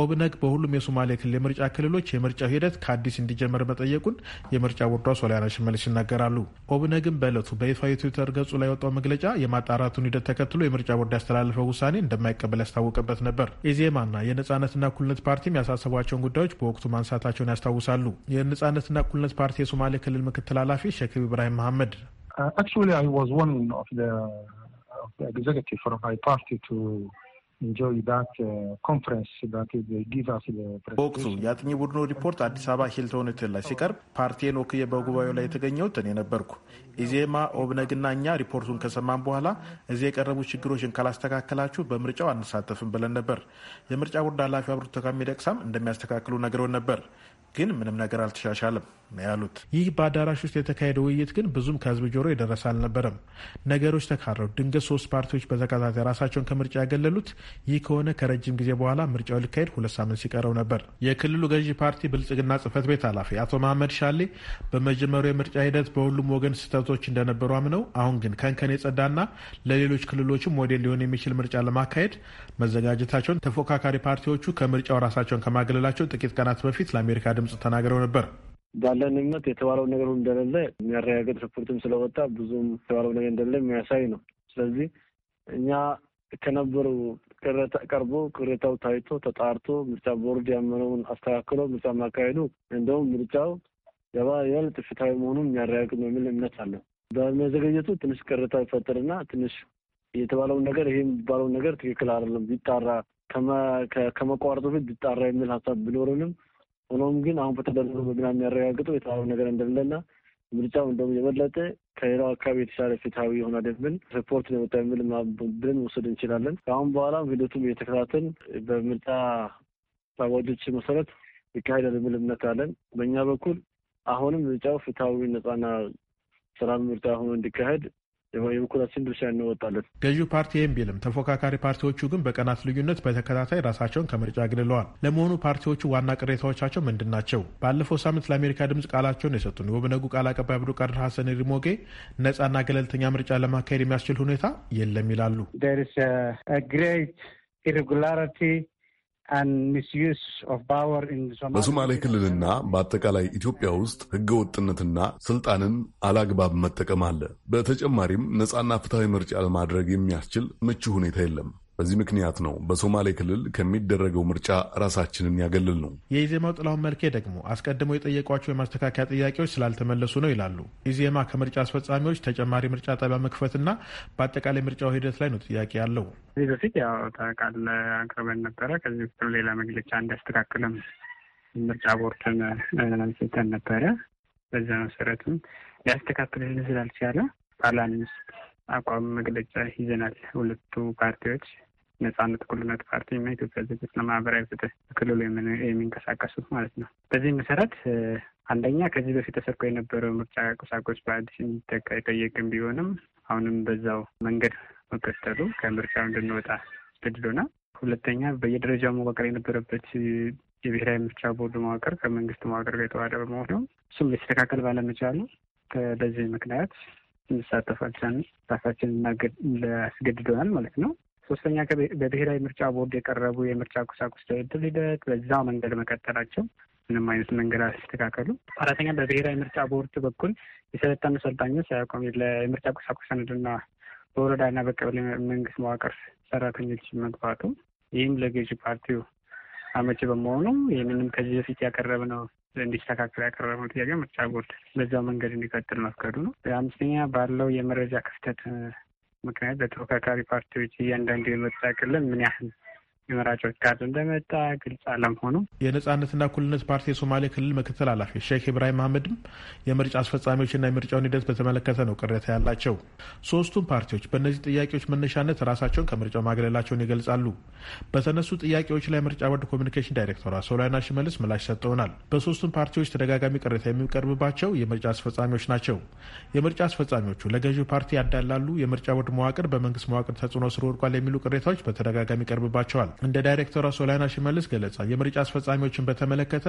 ኦብነግ በሁሉም የሶማሌ ክልል የምርጫ ክልሎች የምርጫው ሂደት ከአዲስ እንዲጀመር መጠየቁን የምርጫ ቦርዷ ሶሊያና ሽመልስ ይናገራሉ። ኦብነግም በዕለቱ በይፋ የትዊተር ገጹ ላይ ወጣው መግለጫ የማጣ የማጣራቱን ሂደት ተከትሎ የምርጫ ቦርድ ያስተላለፈው ውሳኔ እንደማይቀበል ያስታወቀበት ነበር። ኢዜማና የነጻነትና እኩልነት ፓርቲም ያሳሰቧቸውን ጉዳዮች በወቅቱ ማንሳታቸውን ያስታውሳሉ። የነጻነትና እኩልነት ፓርቲ የሶማሌ ክልል ምክትል ኃላፊ ሸክብ ኢብራሂም መሐመድ uh, Actually, I በወቅቱ የአጥኚ ቡድኑ ሪፖርት አዲስ አበባ ሂልተን ሆቴል ላይ ሲቀርብ ፓርቲን ወክዬ በጉባኤው ላይ የተገኘሁት እኔ ነበርኩ። ኢዜማ፣ ኦብነግና እኛ ሪፖርቱን ከሰማን በኋላ እዚህ የቀረቡ ችግሮችን ካላስተካከላችሁ በምርጫው አንሳተፍም ብለን ነበር። የምርጫ ቦርድ ኃላፊ ብርቱካን ሚደቅሳም እንደሚያስተካክሉ ነግረውን ነበር ግን ምንም ነገር አልተሻሻለም ነው ያሉት። ይህ በአዳራሽ ውስጥ የተካሄደ ውይይት ግን ብዙም ከህዝብ ጆሮ የደረሰ አልነበረም። ነገሮች ተካረው ድንገት ሶስት ፓርቲዎች በተከታታይ ራሳቸውን ከምርጫ ያገለሉት ይህ ከሆነ ከረጅም ጊዜ በኋላ ምርጫው ሊካሄድ ሁለት ሳምንት ሲቀረው ነበር። የክልሉ ገዢ ፓርቲ ብልጽግና ጽህፈት ቤት ኃላፊ አቶ መሀመድ ሻሌ በመጀመሪያው የምርጫ ሂደት በሁሉም ወገን ስህተቶች እንደነበሩ አምነው አሁን ግን ከንከን የጸዳና ለሌሎች ክልሎችም ሞዴል ሊሆን የሚችል ምርጫ ለማካሄድ መዘጋጀታቸውን ተፎካካሪ ፓርቲዎቹ ከምርጫው ራሳቸውን ከማገለላቸው ጥቂት ቀናት በፊት ለአሜሪካ ድምጽ ተናግረው ነበር። ባለን እምነት የተባለው ነገር እንደሌለ የሚያረጋገጥ ሪፖርትም ስለወጣ ብዙም የተባለው ነገር እንደሌለ የሚያሳይ ነው። ስለዚህ እኛ ከነበሩ ቅሬታ ቀርቦ ቅሬታው ታይቶ ተጣርቶ ምርጫ ቦርድ ያመነውን አስተካክሎ ምርጫ ማካሄዱ እንደውም ምርጫው ገባ የበለጠ ፍትሃዊ መሆኑን የሚያረጋግጥ ነው የሚል እምነት አለ። በመዘገየቱ ትንሽ ቅሬታ ይፈጥርና ትንሽ የተባለውን ነገር ይሄ የሚባለውን ነገር ትክክል አይደለም ቢጣራ ከመቋረጡ በፊት ቢጣራ የሚል ሀሳብ ቢኖርንም ሆኖም ግን አሁን በተደረገው በግና የሚያረጋግጠው የተባለው ነገር እንደሌለና ምርጫው እንደውም የበለጠ ከሌላው አካባቢ የተሻለ ፍትሐዊ የሆነ ደንብን ሪፖርት የወጣ የሚል ብለን መውሰድ እንችላለን። ከአሁን በኋላ ሂደቱም እየተከታተል በምርጫ አዋጆች መሰረት ይካሄዳል የሚል እምነት አለን። በእኛ በኩል አሁንም ምርጫው ፍትሐዊ ነጻና ሰላም ምርጫ ሆኖ እንዲካሄድ የበኩላችን ድርሻ እንወጣለን። ገዢው ፓርቲ ይህም ቢልም ተፎካካሪ ፓርቲዎቹ ግን በቀናት ልዩነት በተከታታይ ራሳቸውን ከምርጫ አግልለዋል። ለመሆኑ ፓርቲዎቹ ዋና ቅሬታዎቻቸው ምንድን ናቸው? ባለፈው ሳምንት ለአሜሪካ ድምጽ ቃላቸውን የሰጡን የኦብነጉ ቃል አቀባይ አብዱልቃድር ሀሰን ሪሞጌ ነጻና ገለልተኛ ምርጫ ለማካሄድ የሚያስችል ሁኔታ የለም ይላሉ። በሶማሌ ክልልና በአጠቃላይ ኢትዮጵያ ውስጥ ህገወጥነትና ስልጣንን አላግባብ መጠቀም አለ። በተጨማሪም ነጻና ፍትሐዊ ምርጫ ለማድረግ የሚያስችል ምቹ ሁኔታ የለም። በዚህ ምክንያት ነው በሶማሌ ክልል ከሚደረገው ምርጫ ራሳችንን ያገልል ነው። የኢዜማው ጥላሁን መልኬ ደግሞ አስቀድሞ የጠየቋቸው የማስተካከያ ጥያቄዎች ስላልተመለሱ ነው ይላሉ። ኢዜማ ከምርጫ አስፈጻሚዎች ተጨማሪ ምርጫ ጣቢያ መክፈትና በአጠቃላይ ምርጫው ሂደት ላይ ነው ጥያቄ ያለው። ከዚህ በፊት ያው ተቃለ አቅርበን ነበረ። ከዚህ በፊትም ሌላ መግለጫ እንዲያስተካክልም ምርጫ ቦርድን ስልተን ነበረ። በዛ መሰረትም ሊያስተካክልልን ስላልቻለ ባለ አቋም መግለጫ ይዘናል ሁለቱ ፓርቲዎች ነጻነት ቁልነት ፓርቲ ፓርቲና ኢትዮጵያ ዜጎች ለማህበራዊ ፍትህ ክልሉ የሚንቀሳቀሱት ማለት ነው። በዚህ መሰረት አንደኛ ከዚህ በፊት ተሰርኮ የነበረው ምርጫ ቁሳቁስ በአዲስ እንዲተካ የጠየቅን ቢሆንም አሁንም በዛው መንገድ መቀጠሉ ከምርጫው እንድንወጣ አስገድዶናል። ሁለተኛ በየደረጃው መዋቅር የነበረበት የብሔራዊ ምርጫ ቦርድ መዋቅር ከመንግስት መዋቅር ጋር የተዋደ በመሆኑ እሱም ሊስተካከል ባለመቻሉ በዚህ ምክንያት እንሳተፍ አልቻልን፣ ራሳችን እናስገድደናል ማለት ነው። ሶስተኛ በብሔራዊ ምርጫ ቦርድ የቀረቡ የምርጫ ቁሳቁስ ድርድር ሂደት በዛ መንገድ መቀጠላቸው ምንም አይነት መንገድ አስተካከሉ። አራተኛ በብሔራዊ ምርጫ ቦርድ በኩል የሰለጠኑ ሰልጣኞች ሳያቆም ለምርጫ ቁሳቁስ ሰነድና በወረዳና በቀበሌ መንግስት መዋቅር ሰራተኞች መግባቱ ይህም ለገዢ ፓርቲው አመቺ በመሆኑ ይህንንም ከዚህ በፊት ያቀረብነው እንዲስተካከል ያቀረብነው ጥያቄ ምርጫ ቦርድ በዛው መንገድ እንዲቀጥል መፍቀዱ ነው። አምስተኛ ባለው የመረጃ ክፍተት ምክንያት ለተፎካካሪ ፓርቲዎች እያንዳንዱ የምርጫ ምን ያህል የመራጮች ካርድ እንደመጣ ግልጽ አለመሆኑ የነጻነትና እኩልነት ፓርቲ የሶማሌ ክልል ምክትል ኃላፊ ሼክ ኢብራሂም አህመድም የምርጫ አስፈጻሚዎችና የምርጫውን ሂደት በተመለከተ ነው ቅሬታ ያላቸው። ሶስቱም ፓርቲዎች በእነዚህ ጥያቄዎች መነሻነት ራሳቸውን ከምርጫው ማግለላቸውን ይገልጻሉ። በተነሱ ጥያቄዎች ላይ ምርጫ ቦርድ ኮሚኒኬሽን ዳይሬክተሯ ሶሊያና ሽመልስ ምላሽ ሰጥተውናል። በሶስቱም ፓርቲዎች ተደጋጋሚ ቅሬታ የሚቀርብባቸው የምርጫ አስፈጻሚዎች ናቸው። የምርጫ አስፈጻሚዎቹ ለገዢው ፓርቲ ያዳላሉ፣ የምርጫ ቦርድ መዋቅር በመንግስት መዋቅር ተጽዕኖ ስር ወድቋል የሚሉ ቅሬታዎች በተደጋጋሚ ይቀርብባቸዋል። እንደ ዳይሬክተሯ ሶሊያና ሽመልስ ገለጻ የምርጫ አስፈጻሚዎችን በተመለከተ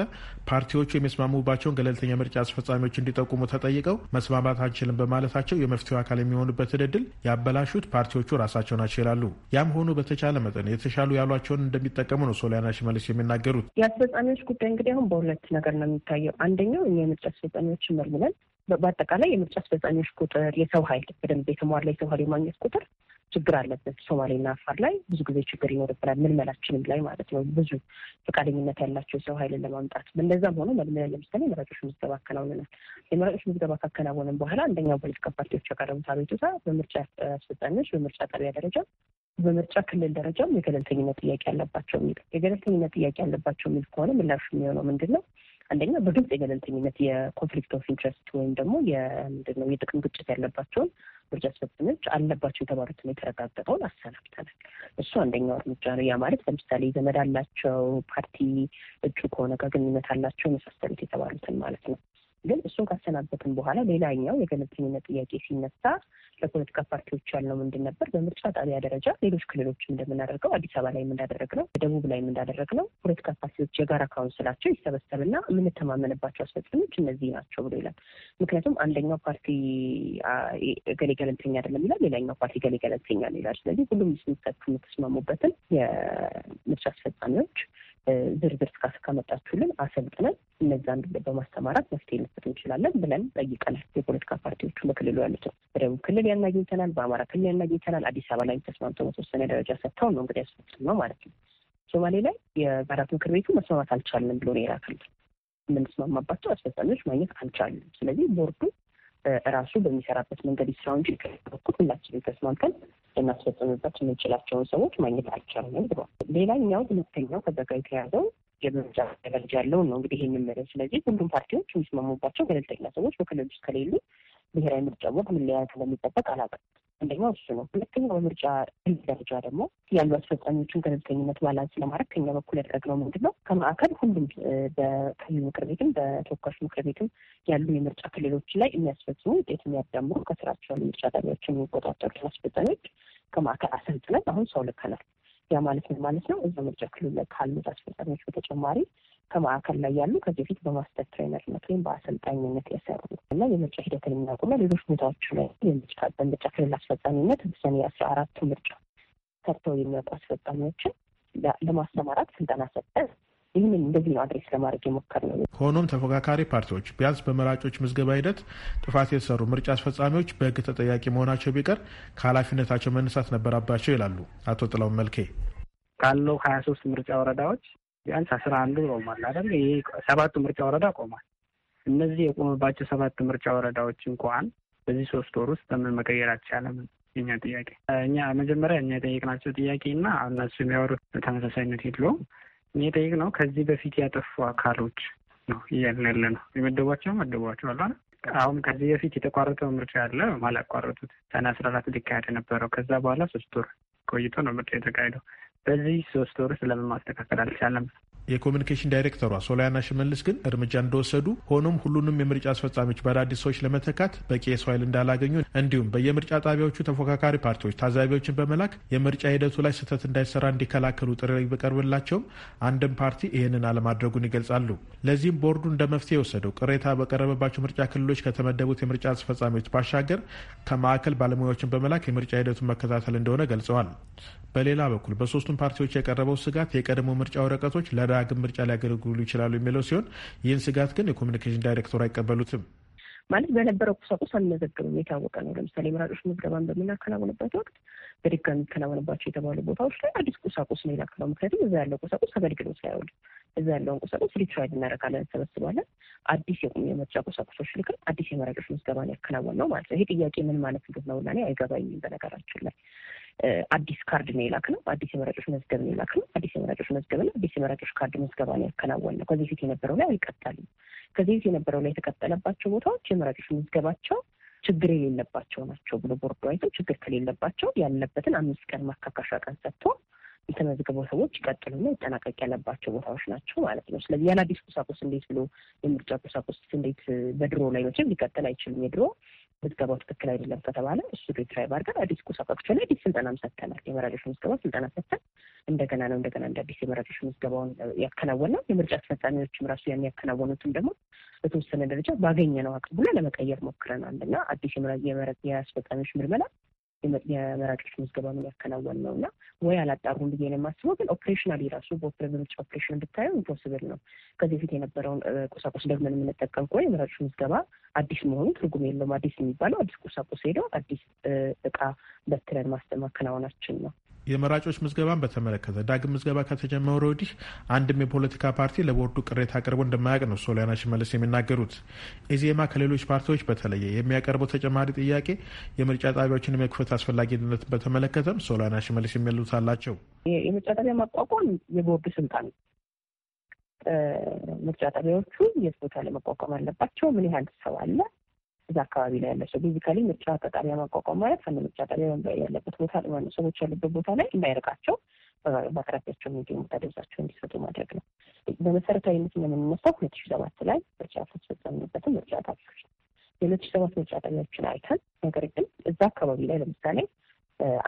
ፓርቲዎቹ የሚስማሙባቸውን ገለልተኛ ምርጫ አስፈጻሚዎች እንዲጠቁሙ ተጠይቀው መስማማት አንችልም በማለታቸው የመፍትሄው አካል የሚሆኑበትን እድል ያበላሹት ፓርቲዎቹ ራሳቸው ናቸው ይላሉ። ያም ሆኖ በተቻለ መጠን የተሻሉ ያሏቸውን እንደሚጠቀሙ ነው ሶሊያና ሽመልስ የሚናገሩት። የአስፈጻሚዎች ጉዳይ እንግዲህ አሁን በሁለት ነገር ነው የሚታየው። አንደኛው የምርጫ አስፈጻሚዎችን መርምለን በአጠቃላይ የምርጫ አስፈጻሚዎች ቁጥር፣ የሰው ኃይል በደንብ የተሟላ የሰው ኃይል የማግኘት ቁጥር ችግር አለበት። ሶማሌና አፋር ላይ ብዙ ጊዜ ችግር ይኖርብናል። ምልመላችንም ላይ ማለት ነው። ብዙ ፈቃደኝነት ያላቸው ሰው ኃይልን ለማምጣት እንደዛም ሆኖ መልምለን ለምሳሌ የመራጮች ምዝገባ አከናውንናል። የመራጮች ምዝገባ ካከናወንን በኋላ አንደኛው ፖለቲካ ፓርቲዎች ያቀረቡት አቤቱታ በምርጫ አስፈጻሚዎች በምርጫ ጣቢያ ደረጃ በምርጫ ክልል ደረጃም የገለልተኝነት ጥያቄ አለባቸው የሚል የገለልተኝነት ጥያቄ አለባቸው የሚል ከሆነ ምላሹ የሚሆነው ምንድን ነው? አንደኛ በግልጽ የገለልተኝነት የኮንፍሊክት ኦፍ ኢንትረስት ወይም ደግሞ የምንድነው የጥቅም ግጭት ያለባቸውን ምርጫ አስፈጻሚዎች አለባቸው የተባሉትን የተረጋገጠውን አሰናብተናል። እሱ አንደኛው እርምጃ ነው። ያ ማለት ለምሳሌ ዘመድ አላቸው፣ ፓርቲ እጩ ከሆነ ጋር ግንኙነት አላቸው፣ የመሳሰሉት የተባሉትን ማለት ነው። ግን እሱን ካሰናበትን በኋላ ሌላኛው የገለልተኝነት ጥያቄ ሲነሳ ለፖለቲካ ፓርቲዎች ያልነው ምንድን ነበር? በምርጫ ጣቢያ ደረጃ ሌሎች ክልሎችም እንደምናደርገው አዲስ አበባ ላይም እንዳደረግነው፣ ደቡብ እንዳደረግ ነው፣ ፖለቲካ ፓርቲዎች የጋራ ካውንስላቸው ይሰበሰብና የምንተማመንባቸው አስፈጻሚዎች እነዚህ ናቸው ብሎ ይላል። ምክንያቱም አንደኛው ፓርቲ ገሌ ገለልተኛ አይደለም ይላል፣ ሌላኛው ፓርቲ ገሌ ገለልተኛ ይላል። ስለዚህ ሁሉም ስምታችሁ የምትስማሙበትን የምርጫ አስፈጻሚዎች ዝርዝር እስከ ከመጣችሁልን አሰልጥነን እነዛን በማስተማራት መፍትሄ ልንሰጥ እንችላለን ብለን ጠይቀናል። የፖለቲካ ፓርቲዎቹ በክልሉ ያሉት ነው። በደቡብ ክልል ያን አግኝተናል፣ በአማራ ክልል ያን አግኝተናል። አዲስ አበባ ላይ ተስማምተው በተወሰነ ደረጃ ሰጥተው ነው እንግዲህ ያስፈጽም ነው ማለት ነው። ሶማሌ ላይ የጋራት ምክር ቤቱ መስማማት አልቻልንም ብሎ ነው የላከልን። የምንስማማባቸው አስፈጻሚዎች ማግኘት አልቻልንም። ስለዚህ ቦርዱ ራሱ በሚሰራበት መንገድ ይስራው እንጂ በኩል ሁላችንም ተስማምተን ልናስፈጽምበት የምንችላቸውን ሰዎች ማግኘት አልቻልንም ብሏል። ሌላኛው ሁለተኛው ከዛ ጋር የተያዘው የመረጃ ደረጃ ያለውን ነው እንግዲህ ይህን መለ ስለዚህ ሁሉም ፓርቲዎች የሚስማሙባቸው ገለልተኛ ሰዎች በክልል ውስጥ ከሌሉ ብሔራዊ ምርጫ ቦርድ ምን ሊያደርግ እንደሚጠበቅ አላውቅም። አንደኛው እሱ ነው። ሁለተኛው በምርጫ ክልል ደረጃ ደግሞ ያሉ አስፈጻሚዎችን ገለልተኝነት ባላንስ ለማድረግ ከኛ በኩል ያደረግነው ምንድን ነው? ከማዕከል ሁሉም በክልል ምክር ቤትም በተወካዮች ምክር ቤትም ያሉ የምርጫ ክልሎች ላይ የሚያስፈጽሙ ውጤት የሚያዳምሩ ከስራቸው ያሉ ምርጫ ጣቢያዎች የሚቆጣጠሩ አስፈጻሚዎች ከማዕከል አሰልጥነን አሁን ሰው ልከናል። ያ ማለት ምን ማለት ነው? እዛ ምርጫ ክልል ላይ ካሉት አስፈጻሚዎች በተጨማሪ ከማዕከል ላይ ያሉ ከዚህ በፊት በማስተር ትሬነርነት ወይም በአሰልጣኝነት የሰሩ እና የምርጫ ሂደትን የሚያውቁና ሌሎች ቦታዎች ላይ በምርጫ ክልል አስፈጻሚነት ሰኔ አስራ አራቱ ምርጫ ሰርተው የሚያውቁ አስፈጻሚዎችን ለማሰማራት ስልጠና ሰጠን። ይህንን እንደዚህ ነው አድሬስ ለማድረግ የሞከር ነው። ሆኖም ተፎካካሪ ፓርቲዎች ቢያንስ በመራጮች ምዝገባ ሂደት ጥፋት የተሰሩ ምርጫ አስፈጻሚዎች በሕግ ተጠያቂ መሆናቸው ቢቀር ከኃላፊነታቸው መነሳት ነበረባቸው ይላሉ አቶ ጥላውን መልኬ። ካለው ሀያ ሶስት ምርጫ ወረዳዎች ቢያንስ አስራ አንዱ ቆሟል አይደል? ይሄ ሰባቱ ምርጫ ወረዳ ቆሟል። እነዚህ የቆመባቸው ሰባት ምርጫ ወረዳዎች እንኳን በዚህ ሶስት ወር ውስጥ ለምን መቀየር አልቻለም? እኛ ጥያቄ እኛ መጀመሪያ እኛ የጠየቅናቸው ጥያቄ እና እነሱ የሚያወሩት ተመሳሳይነት የለውም። እኛ የጠየቅነው ከዚህ በፊት ያጠፉ አካሎች ነው እያልን ነው። የመደቧቸው መደቧቸው አለ አሁን ከዚህ በፊት የተቋረጠው ምርጫ አለ ማላቋረጡት ሰኔ አስራ አራት ሊካሄድ የነበረው ከዛ በኋላ ሶስት ወር ቆይቶ ነው ምርጫ የተካሄደው። በዚህ ሶስት ወር ስለምን ማስተካከል አልቻለም? የኮሚኒኬሽን ዳይሬክተሯ ሶሊያና ሽመልስ ግን እርምጃ እንደወሰዱ ሆኖም ሁሉንም የምርጫ አስፈጻሚዎች በአዳዲስ ሰዎች ለመተካት በቂ የሰው ኃይል እንዳላገኙ እንዲሁም በየምርጫ ጣቢያዎቹ ተፎካካሪ ፓርቲዎች ታዛቢዎችን በመላክ የምርጫ ሂደቱ ላይ ስህተት እንዳይሰራ እንዲከላከሉ ጥሪ ቢቀርብላቸውም አንድም ፓርቲ ይህንን አለማድረጉን ይገልጻሉ። ለዚህም ቦርዱ እንደ መፍትሄ የወሰደው ቅሬታ በቀረበባቸው ምርጫ ክልሎች ከተመደቡት የምርጫ አስፈጻሚዎች ባሻገር ከማዕከል ባለሙያዎችን በመላክ የምርጫ ሂደቱን መከታተል እንደሆነ ገልጸዋል። በሌላ በኩል በሶስቱም ፓርቲዎች የቀረበው ስጋት የቀድሞ ምርጫ ወረቀቶች ለዳ ዳግም ምርጫ ሊያገለግሉ ይችላሉ የሚለው ሲሆን ይህን ስጋት ግን የኮሚኒኬሽን ዳይሬክተሩ አይቀበሉትም። ማለት በነበረው ቁሳቁስ አንመዘግብም የታወቀ ነው። ለምሳሌ መራጮች ምዝገባን በምናከናውንበት ወቅት በድጋሚ ይከናወንባቸው የተባሉ ቦታዎች ላይ አዲስ ቁሳቁስ ነው የላክነው። ምክንያቱም እዛ ያለው ቁሳቁስ አገልግሎት ላይ አይውልም። እዛ ያለውን ቁሳቁስ ሪትራይድ እናደርጋለን፣ እንሰበስባለን። አዲስ የቁም የምርጫ ቁሳቁሶች ልክም አዲስ የመራጮች ምዝገባን ያከናወን ነው ማለት ነው። ይሄ ጥያቄ ምን ማለት እንደት ነው ላኔ አይገባኝም። በነገራችን ላይ አዲስ ካርድ ነው ነው፣ አዲስ የመራጮች መዝገብ ነው ነው። አዲስ የመራጮች መዝገብና አዲስ የመራጮች ካርድ ምዝገባን ያከናወን ነው። ከዚህ ፊት የነበረው ላይ አይቀጠልም። ከዚህ ፊት የነበረው ላይ የተቀጠለባቸው ቦታዎች የመራጮች ምዝገባቸው ችግር የሌለባቸው ናቸው ብሎ ቦርዱ አይቶ ችግር ከሌለባቸው ያለበትን አምስት ቀን ማካካሻ ቀን ሰጥቶ የተመዘገቡ ሰዎች ይቀጥሉና ይጠናቀቅ ያለባቸው ቦታዎች ናቸው ማለት ነው። ስለዚህ ያለ ቁሳቁስ እንዴት ብሎ የምርጫ ቁሳቁስ እንዴት በድሮ ላይ መቼም ሊቀጥል አይችልም። የድሮ ምዝገባው ትክክል አይደለም ከተባለ እሱ ሪትራይቭ አድርገን አዲስ ቁሳቁሶች ላይ አዲስ ስልጠናም ሰጥተናል። የመራጮች ምዝገባ ስልጠና ሰጥተን እንደገና ነው እንደገና እንደ አዲስ የመራጮች ምዝገባውን ያከናወን ነው። የምርጫ አስፈጻሚዎችም ራሱ ያን ያከናወኑትም ደግሞ በተወሰነ ደረጃ ባገኘ ነው አቅም ሁላ ለመቀየር ሞክረናል እና አዲስ የአስፈጻሚዎች አስፈጻሚዎች የመራጮች ምዝገባ ነው ያከናወን ነው እና ወይ አላጣሩም ብዬ ነው የማስበው። ግን ኦፕሬሽናል የራሱ በምርጫ ኦፕሬሽን ብታየው ኢምፖስብል ነው። ከዚህ በፊት የነበረውን ቁሳቁስ ደግመን የምንጠቀም ከሆነ የመራጮች ምዝገባ አዲስ መሆኑ ትርጉም የለውም። አዲስ የሚባለው አዲስ ቁሳቁስ ሄደው አዲስ እቃ በትረን ማከናወናችን ነው። የመራጮች ምዝገባን በተመለከተ ዳግም ምዝገባ ከተጀመረ ወዲህ አንድም የፖለቲካ ፓርቲ ለቦርዱ ቅሬታ አቅርቦ እንደማያውቅ ነው ሶሊያና ሽመልስ የሚናገሩት። ኢዜማ ከሌሎች ፓርቲዎች በተለየ የሚያቀርበው ተጨማሪ ጥያቄ የምርጫ ጣቢያዎችን የመክፈት አስፈላጊነት በተመለከተም ሶሊያና ሽመልስ የሚሉት አላቸው። የምርጫ ጣቢያ ማቋቋም የቦርዱ ስልጣን ምርጫ ጣቢያዎቹ የት ቦታ ለመቋቋም አለባቸው፣ ምን ያህል ሰው አለ፣ እዛ አካባቢ ላይ ያለ ሰው ቤዚካሊ ምርጫ ጣቢያ ማቋቋም ማለት አንድ ምርጫ ጣቢያ ያለበት ቦታ ሰዎች ያሉበት ቦታ ላይ እንዳይርቃቸው በአቅራቢያቸው የሚገኙ ቦታ እንዲሰጡ ማድረግ ነው። በመሰረታዊነት የምንነሳው ሁለት ሺ ሰባት ላይ ምርጫ ተስፈጸምንበትም ምርጫ ጣቢያዎች የሁለት ሺ ሰባት ምርጫ ጣቢያዎችን አይተን ነገር ግን እዛ አካባቢ ላይ ለምሳሌ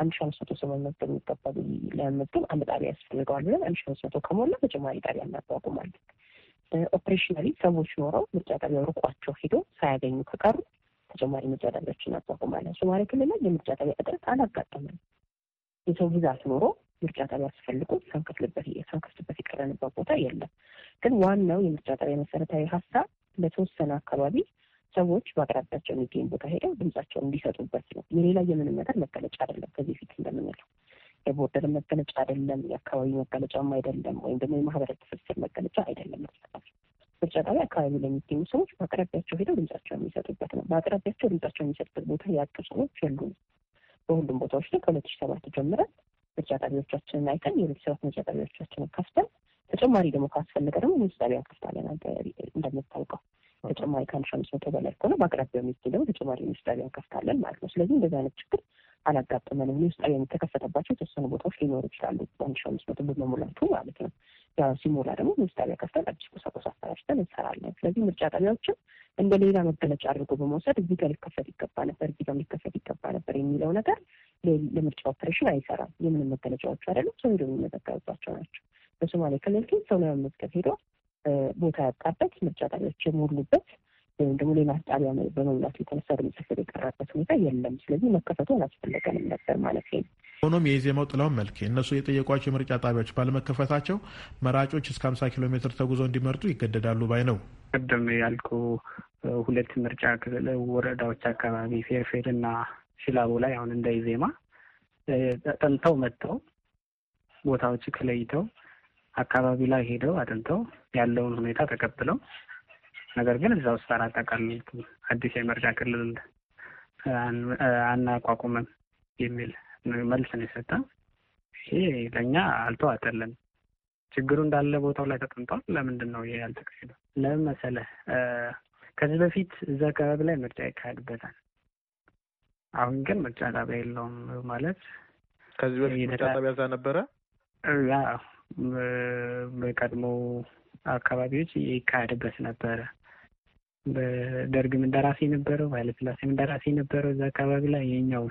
አንድ ሺ አምስት መቶ ሰው መመዝገብ የሚገባ ለመመዝገብ አንድ ጣቢያ ያስፈልገዋል ብለን አንድ ሺ አምስት መቶ ከሞላ ተጨማሪ ጣቢያ እናቋቁማለን። ኦፕሬሽናሊ ሰዎች ኖረው ምርጫ ጣቢያው ርቋቸው ሄዶ ሳያገኙ ከቀሩ ተጨማሪ ምርጫ ጣቢያዎችን አቋቁማለን። ሶማሌ ክልል ላይ የምርጫ ጣቢያ እጥረት አላጋጠመም። የሰው ብዛት ኖሮ ምርጫ ጣቢያ አስፈልጎ ሳንከፍልበት ሳንከፍትበት የቀረንበት ቦታ የለም። ግን ዋናው የምርጫ ጣቢያ መሰረታዊ ሀሳብ ለተወሰነ አካባቢ ሰዎች በአቅራቢያቸው የሚገኝ ቦታ ሄደው ድምጻቸውን እንዲሰጡበት ነው። የሌላ የምንም ነገር መገለጫ አይደለም። ከዚህ ፊት እንደምንለው የቦርደር መገለጫ አይደለም፣ የአካባቢ መገለጫም አይደለም፣ ወይም ደግሞ የማህበረ ትስስር መገለጫ አይደለም። ምርጫ ጣቢያ አካባቢ ላይ የሚገኙ ሰዎች በአቅራቢያቸው ሄደው ድምጻቸው የሚሰጡበት ነው። በአቅራቢያቸው ድምጻቸው የሚሰጡበት ቦታ ያጡ ሰዎች የሉም። በሁሉም ቦታዎች ላይ ከሁለት ሺ ሰባት ጀምረን ምርጫ ጣቢያዎቻችንን አይተን የሁለት ሺ ሰባት ምርጫ ጣቢያዎቻችንን ከፍተን ተጨማሪ ደግሞ ካስፈለገ ደግሞ ምርጫ ጣቢያ ከፍታለን። እንደምታውቀው ተጨማሪ ከአንድ ሺ አምስት መቶ በላይ ከሆነ በአቅራቢያው የሚገኝ ደግሞ ተጨማሪ ምርጫ ጣቢያ ከፍታለን ማለት ነው። ስለዚህ እንደዚህ አይነት ችግር አላጋጠመንም። ውስጣዊ የተከፈተባቸው የተወሰኑ ቦታዎች ሊኖሩ ይችላሉ። አንድ ሺህ አምስት መቶ ማለት ነው። ያ ሲሞላ ደግሞ ውስጥ ከፍተን አዲስ ቁሳቁስ አሰራጭተን እንሰራለን። ስለዚህ ምርጫ ጣቢያዎችን እንደ ሌላ መገለጫ አድርጎ በመውሰድ እዚህ ጋር ሊከፈት ይገባ ነበር፣ እዚህ ጋር ሊከፈት ይገባ ነበር የሚለው ነገር ለምርጫ ኦፕሬሽን አይሰራም። የምንም መገለጫዎቹ አይደለም፣ ሰው ሄዶ የሚመዘገብባቸው ናቸው። በሶማሌ ክልል ግን ሰው ለመመዝገብ ሄዶ ቦታ ያጣበት ምርጫ ጣቢያዎች የሞሉበት ወይም ደግሞ ሌላ ጣቢያ በመሙላቱ የተነሳ ድምጽ የቀረበት ሁኔታ የለም። ስለዚህ መከፈቱ አላስፈለገንም ነበር ማለት ነው። ሆኖም የኢዜማው ጥላውን መልክ እነሱ የጠየቋቸው የምርጫ ጣቢያዎች ባለመከፈታቸው መራጮች እስከ ሀምሳ ኪሎ ሜትር ተጉዞ እንዲመርጡ ይገደዳሉ ባይ ነው። ቅድም ያልኩ ሁለት ምርጫ ክፍል ወረዳዎች አካባቢ ፌርፌር እና ሽላቦ ላይ አሁን እንደ ኢዜማ ጠንተው መጥተው ቦታዎች ከለይተው አካባቢ ላይ ሄደው አጥንተው ያለውን ሁኔታ ተቀብለው ነገር ግን እዛ ውስጥ አራት አዲስ የመርጃ ክልል አናቋቁምም የሚል መልስ ነው የሰጠ። ይሄ ለእኛ አልተዋጠልን። ችግሩ እንዳለ ቦታው ላይ ተጠምጧል። ለምንድን ነው ይሄ ያልተካሄደው? ለምን መሰለህ? ከዚህ በፊት እዚ አካባቢ ላይ ምርጫ ይካሄድበታል። አሁን ግን ምርጫ ጣቢያ የለውም ማለት ከዚህ በፊት ምርጫ ጣቢያ እዛ ነበረ። ያ በቀድሞ አካባቢዎች ይካሄድበት ነበረ። በደርግም እንደራሴ የነበረው ኃይለስላሴም እንደራሴ የነበረው እዛ አካባቢ ላይ ይህኛው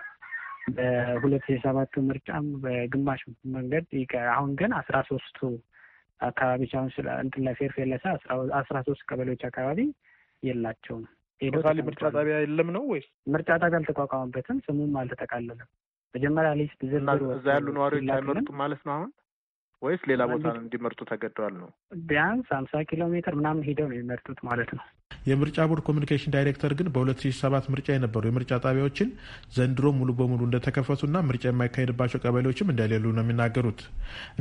በሁለት ሺ ሰባቱ ምርጫም በግማሽ መንገድ አሁን ግን አስራ ሶስቱ አካባቢ አሁን እንትን ላይ ፌርፌለሰ አስራ ሶስት ቀበሌዎች አካባቢ የላቸውም። ቶታሊ ምርጫ ጣቢያ የለም ነው ወይስ ምርጫ ጣቢያ አልተቋቋመበትም? ስሙም አልተጠቃለለም። መጀመሪያ ሊስት ዝርዝር እዛ ያሉ ነዋሪዎች አይመርጡም ማለት ነው አሁን ወይስ ሌላ ቦታ እንዲመርጡ ተገደዋል ነው? ቢያንስ ሀምሳ ኪሎ ሜትር ምናምን ሂደው ነው የሚመርጡት ማለት ነው። የምርጫ ቦርድ ኮሚኒኬሽን ዳይሬክተር ግን በ2007 ምርጫ የነበሩ የምርጫ ጣቢያዎችን ዘንድሮ ሙሉ በሙሉ እንደተከፈቱና ምርጫ የማይካሄድባቸው ቀበሌዎችም እንደሌሉ ነው የሚናገሩት።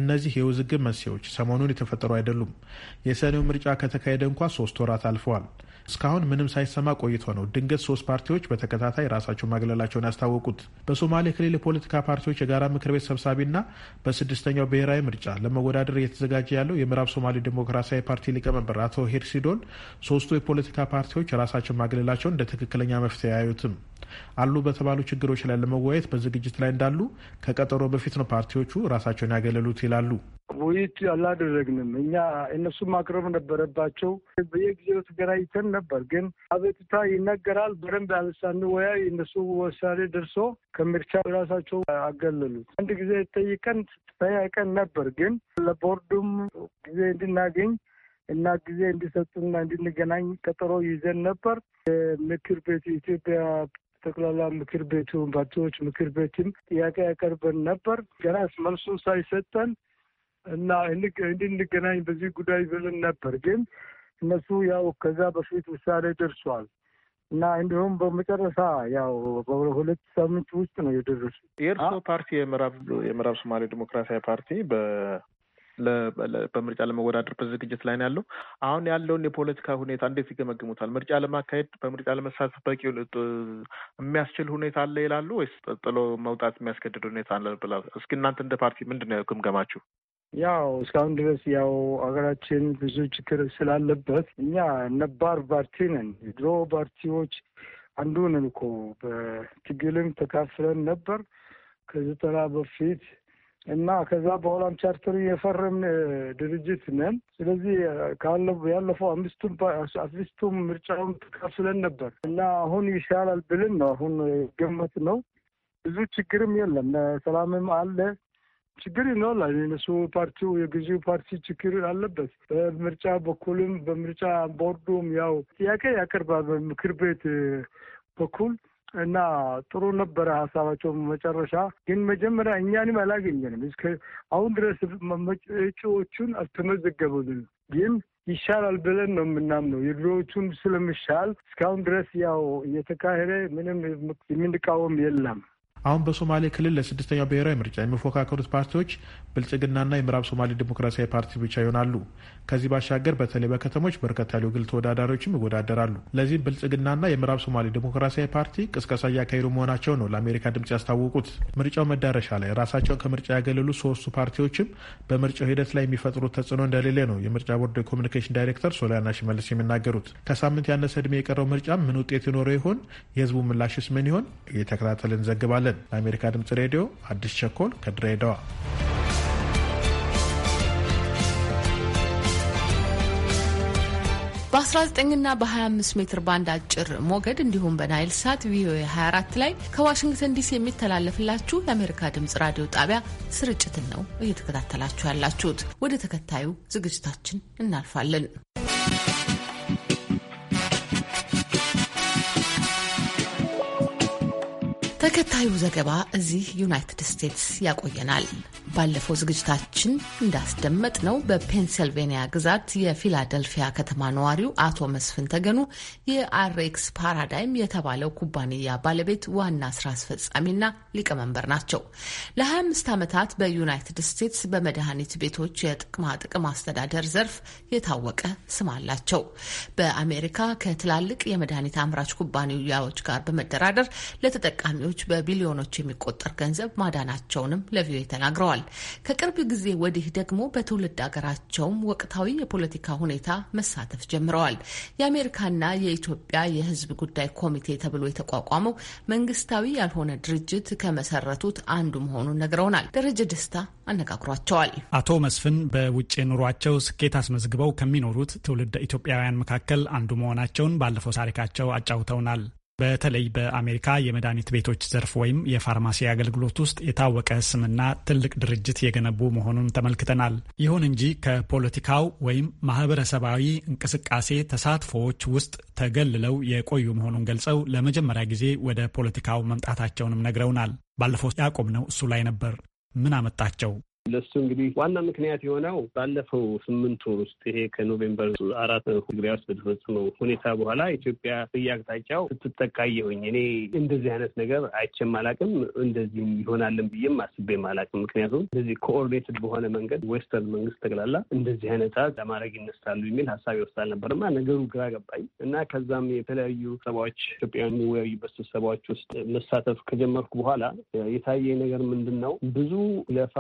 እነዚህ የውዝግብ መንስኤዎች ሰሞኑን የተፈጠሩ አይደሉም። የሰኔው ምርጫ ከተካሄደ እንኳ ሶስት ወራት አልፈዋል። እስካሁን ምንም ሳይሰማ ቆይቶ ነው ድንገት ሶስት ፓርቲዎች በተከታታይ ራሳቸው ማግለላቸውን ያስታወቁት። በሶማሌ ክልል የፖለቲካ ፓርቲዎች የጋራ ምክር ቤት ሰብሳቢና በስድስተኛው ብሔራዊ ምርጫ ለመወዳደር እየተዘጋጀ ያለው የምዕራብ ሶማሌ ዴሞክራሲያዊ ፓርቲ ሊቀመንበር አቶ ሄርሲዶን ሶስቱ የፖለቲካ ፓርቲዎች ራሳቸው ማግለላቸውን እንደ ትክክለኛ መፍትሄ አያዩትም። አሉ በተባሉ ችግሮች ላይ ለመወያየት በዝግጅት ላይ እንዳሉ ከቀጠሮ በፊት ነው ፓርቲዎቹ ራሳቸውን ያገለሉት ይላሉ። ውይይት አላደረግንም እኛ እነሱ ማቅረብ ነበረባቸው። በየጊዜው ተገናኝተን ነበር፣ ግን አቤቱታ ይነገራል። በደንብ ሳንወያይ እነሱ ውሳኔ ደርሶ ከምርቻ ራሳቸው አገለሉት። አንድ ጊዜ ጠይቀን ተጠያይቀን ነበር፣ ግን ለቦርዱም ጊዜ እንድናገኝ እና ጊዜ እንዲሰጡና እንድንገናኝ ቀጠሮ ይዘን ነበር። ምክር ቤቱ ኢትዮጵያ ጠቅላላ ምክር ቤቱ ባቶዎች ምክር ቤትም ጥያቄ ያቀርበን ነበር። ገና መልሱን ሳይሰጠን እና እንድንገናኝ በዚህ ጉዳይ ብለን ነበር። ግን እነሱ ያው ከዛ በፊት ውሳኔ ደርሷል እና እንዲሁም በመጨረሻ ያው በሁለት ሳምንት ውስጥ ነው የደረሱ። የእርስዎ ፓርቲ የምዕራብ የምዕራብ ሶማሌ ዲሞክራሲያዊ ፓርቲ በምርጫ ለመወዳደር ዝግጅት ላይ ነው ያለው። አሁን ያለውን የፖለቲካ ሁኔታ እንዴት ይገመግሙታል? ምርጫ ለማካሄድ በምርጫ ለመሳተፍ በቂ የሚያስችል ሁኔታ አለ ይላሉ ወይስ ጥሎ መውጣት የሚያስገድድ ሁኔታ አለ ብላ እስኪ እናንተ እንደ ፓርቲ ምንድን ነው ግምገማችሁ? ያው እስካሁን ድረስ ያው ሀገራችን ብዙ ችግር ስላለበት እኛ ነባር ፓርቲ ነን። የድሮ ፓርቲዎች አንዱ ነን እኮ በትግልም ተካፍለን ነበር ከዘጠና በፊት እና ከዛ በኋላም ቻርተር የፈረምን ድርጅት ነን። ስለዚህ ያለፈው አምስቱም አምስቱም ምርጫውን ተካፍለን ነበር እና አሁን ይሻላል ብልን ነው አሁን ገመት ነው። ብዙ ችግርም የለም፣ ሰላምም አለ። ችግር ይኖራል። የነሱ ፓርቲው የገዢው ፓርቲ ችግር አለበት። በምርጫ በኩልም በምርጫ ቦርዱም ያው ጥያቄ ያቀርባል በምክር ቤት በኩል እና ጥሩ ነበረ ሀሳባቸው። መጨረሻ ግን መጀመሪያ እኛንም አላገኘንም። እስከ አሁን ድረስ እጩዎቹን አልተመዘገቡንም፣ ግን ይሻላል ብለን ነው የምናምነው። የድሮዎቹን ስለምሻል እስካሁን ድረስ ያው እየተካሄደ ምንም የምንቃወም የለም። አሁን በሶማሌ ክልል ለስድስተኛው ብሔራዊ ምርጫ የሚፎካከሩት ፓርቲዎች ብልጽግናና የምዕራብ ሶማሌ ዲሞክራሲያዊ ፓርቲ ብቻ ይሆናሉ። ከዚህ ባሻገር በተለይ በከተሞች በርከት ያሉ ግል ተወዳዳሪዎችም ይወዳደራሉ። ለዚህም ብልጽግናና የምዕራብ ሶማሌ ዲሞክራሲያዊ ፓርቲ ቅስቀሳ እያካሄዱ መሆናቸው ነው ለአሜሪካ ድምጽ ያስታወቁት። ምርጫው መዳረሻ ላይ ራሳቸውን ከምርጫ ያገለሉ ሶስቱ ፓርቲዎችም በምርጫው ሂደት ላይ የሚፈጥሩት ተጽዕኖ እንደሌለ ነው የምርጫ ቦርድ የኮሚኒኬሽን ዳይሬክተር ሶሊያና ሽመልስ የሚናገሩት። ከሳምንት ያነሰ እድሜ የቀረው ምርጫ ምን ውጤት ይኖረው ይሆን? የህዝቡ ምላሽስ ምን ይሆን? እየተከታተልን እንዘግባለን። ይስጥልን። ለአሜሪካ ድምጽ ሬዲዮ አዲስ ቸኮል ከድሬዳዋ። በ19ና በ25 ሜትር ባንድ አጭር ሞገድ እንዲሁም በናይል ሳት ቪኦኤ 24 ላይ ከዋሽንግተን ዲሲ የሚተላለፍላችሁ የአሜሪካ ድምጽ ራዲዮ ጣቢያ ስርጭትን ነው እየተከታተላችሁ ያላችሁት። ወደ ተከታዩ ዝግጅታችን እናልፋለን። ተከታዩ ዘገባ እዚህ ዩናይትድ ስቴትስ ያቆየናል። ባለፈው ዝግጅታችን እንዳስደመጥ ነው በፔንሲልቬኒያ ግዛት የፊላደልፊያ ከተማ ነዋሪው አቶ መስፍን ተገኑ የአሬክስ ፓራዳይም የተባለው ኩባንያ ባለቤት ዋና ስራ አስፈጻሚና ሊቀመንበር ናቸው። ለ25 ዓመታት በዩናይትድ ስቴትስ በመድኃኒት ቤቶች የጥቅማ ጥቅም አስተዳደር ዘርፍ የታወቀ ስም አላቸው። በአሜሪካ ከትላልቅ የመድኃኒት አምራች ኩባንያዎች ጋር በመደራደር ለተጠቃሚዎች በቢሊዮኖች የሚቆጠር ገንዘብ ማዳናቸውንም ለቪኦኤ ተናግረዋል። ከቅርብ ጊዜ ወዲህ ደግሞ በትውልድ አገራቸውም ወቅታዊ የፖለቲካ ሁኔታ መሳተፍ ጀምረዋል። የአሜሪካና የኢትዮጵያ የሕዝብ ጉዳይ ኮሚቴ ተብሎ የተቋቋመው መንግስታዊ ያልሆነ ድርጅት ከመሰረቱት አንዱ መሆኑን ነግረውናል። ደረጀ ደስታ አነጋግሯቸዋል። አቶ መስፍን በውጭ ኑሯቸው ስኬት አስመዝግበው ከሚኖሩት ትውልድ ኢትዮጵያውያን መካከል አንዱ መሆናቸውን ባለፈው ታሪካቸው አጫውተውናል። በተለይ በአሜሪካ የመድኃኒት ቤቶች ዘርፍ ወይም የፋርማሲ አገልግሎት ውስጥ የታወቀ ስምና ትልቅ ድርጅት የገነቡ መሆኑን ተመልክተናል። ይሁን እንጂ ከፖለቲካው ወይም ማህበረሰባዊ እንቅስቃሴ ተሳትፎዎች ውስጥ ተገልለው የቆዩ መሆኑን ገልጸው ለመጀመሪያ ጊዜ ወደ ፖለቲካው መምጣታቸውንም ነግረውናል። ባለፈው ያቆምነው እሱ ላይ ነበር። ምን አመጣቸው? ለሱ እንግዲህ ዋና ምክንያት የሆነው ባለፈው ስምንት ወር ውስጥ ይሄ ከኖቬምበር አራት ትግራይ ውስጥ በተፈጸመው ሁኔታ በኋላ ኢትዮጵያ በየአቅጣጫው ስትጠቃ የሆኝ እኔ እንደዚህ አይነት ነገር አይቼም አላቅም፣ እንደዚህም ይሆናልን ብዬም አስቤም አላቅም። ምክንያቱም እንደዚህ ኮኦርዲኔትድ በሆነ መንገድ ዌስተርን መንግስት ጠቅላላ እንደዚህ አይነት ለማድረግ ይነሳሉ የሚል ሀሳብ ይወስድ አልነበርማ። ነገሩ ግራ ገባኝ እና ከዛም የተለያዩ ሰባዎች ኢትዮጵያ የሚወያዩበት ስብሰባዎች ውስጥ መሳተፍ ከጀመርኩ በኋላ የታየ ነገር ምንድን ነው ብዙ ለፋ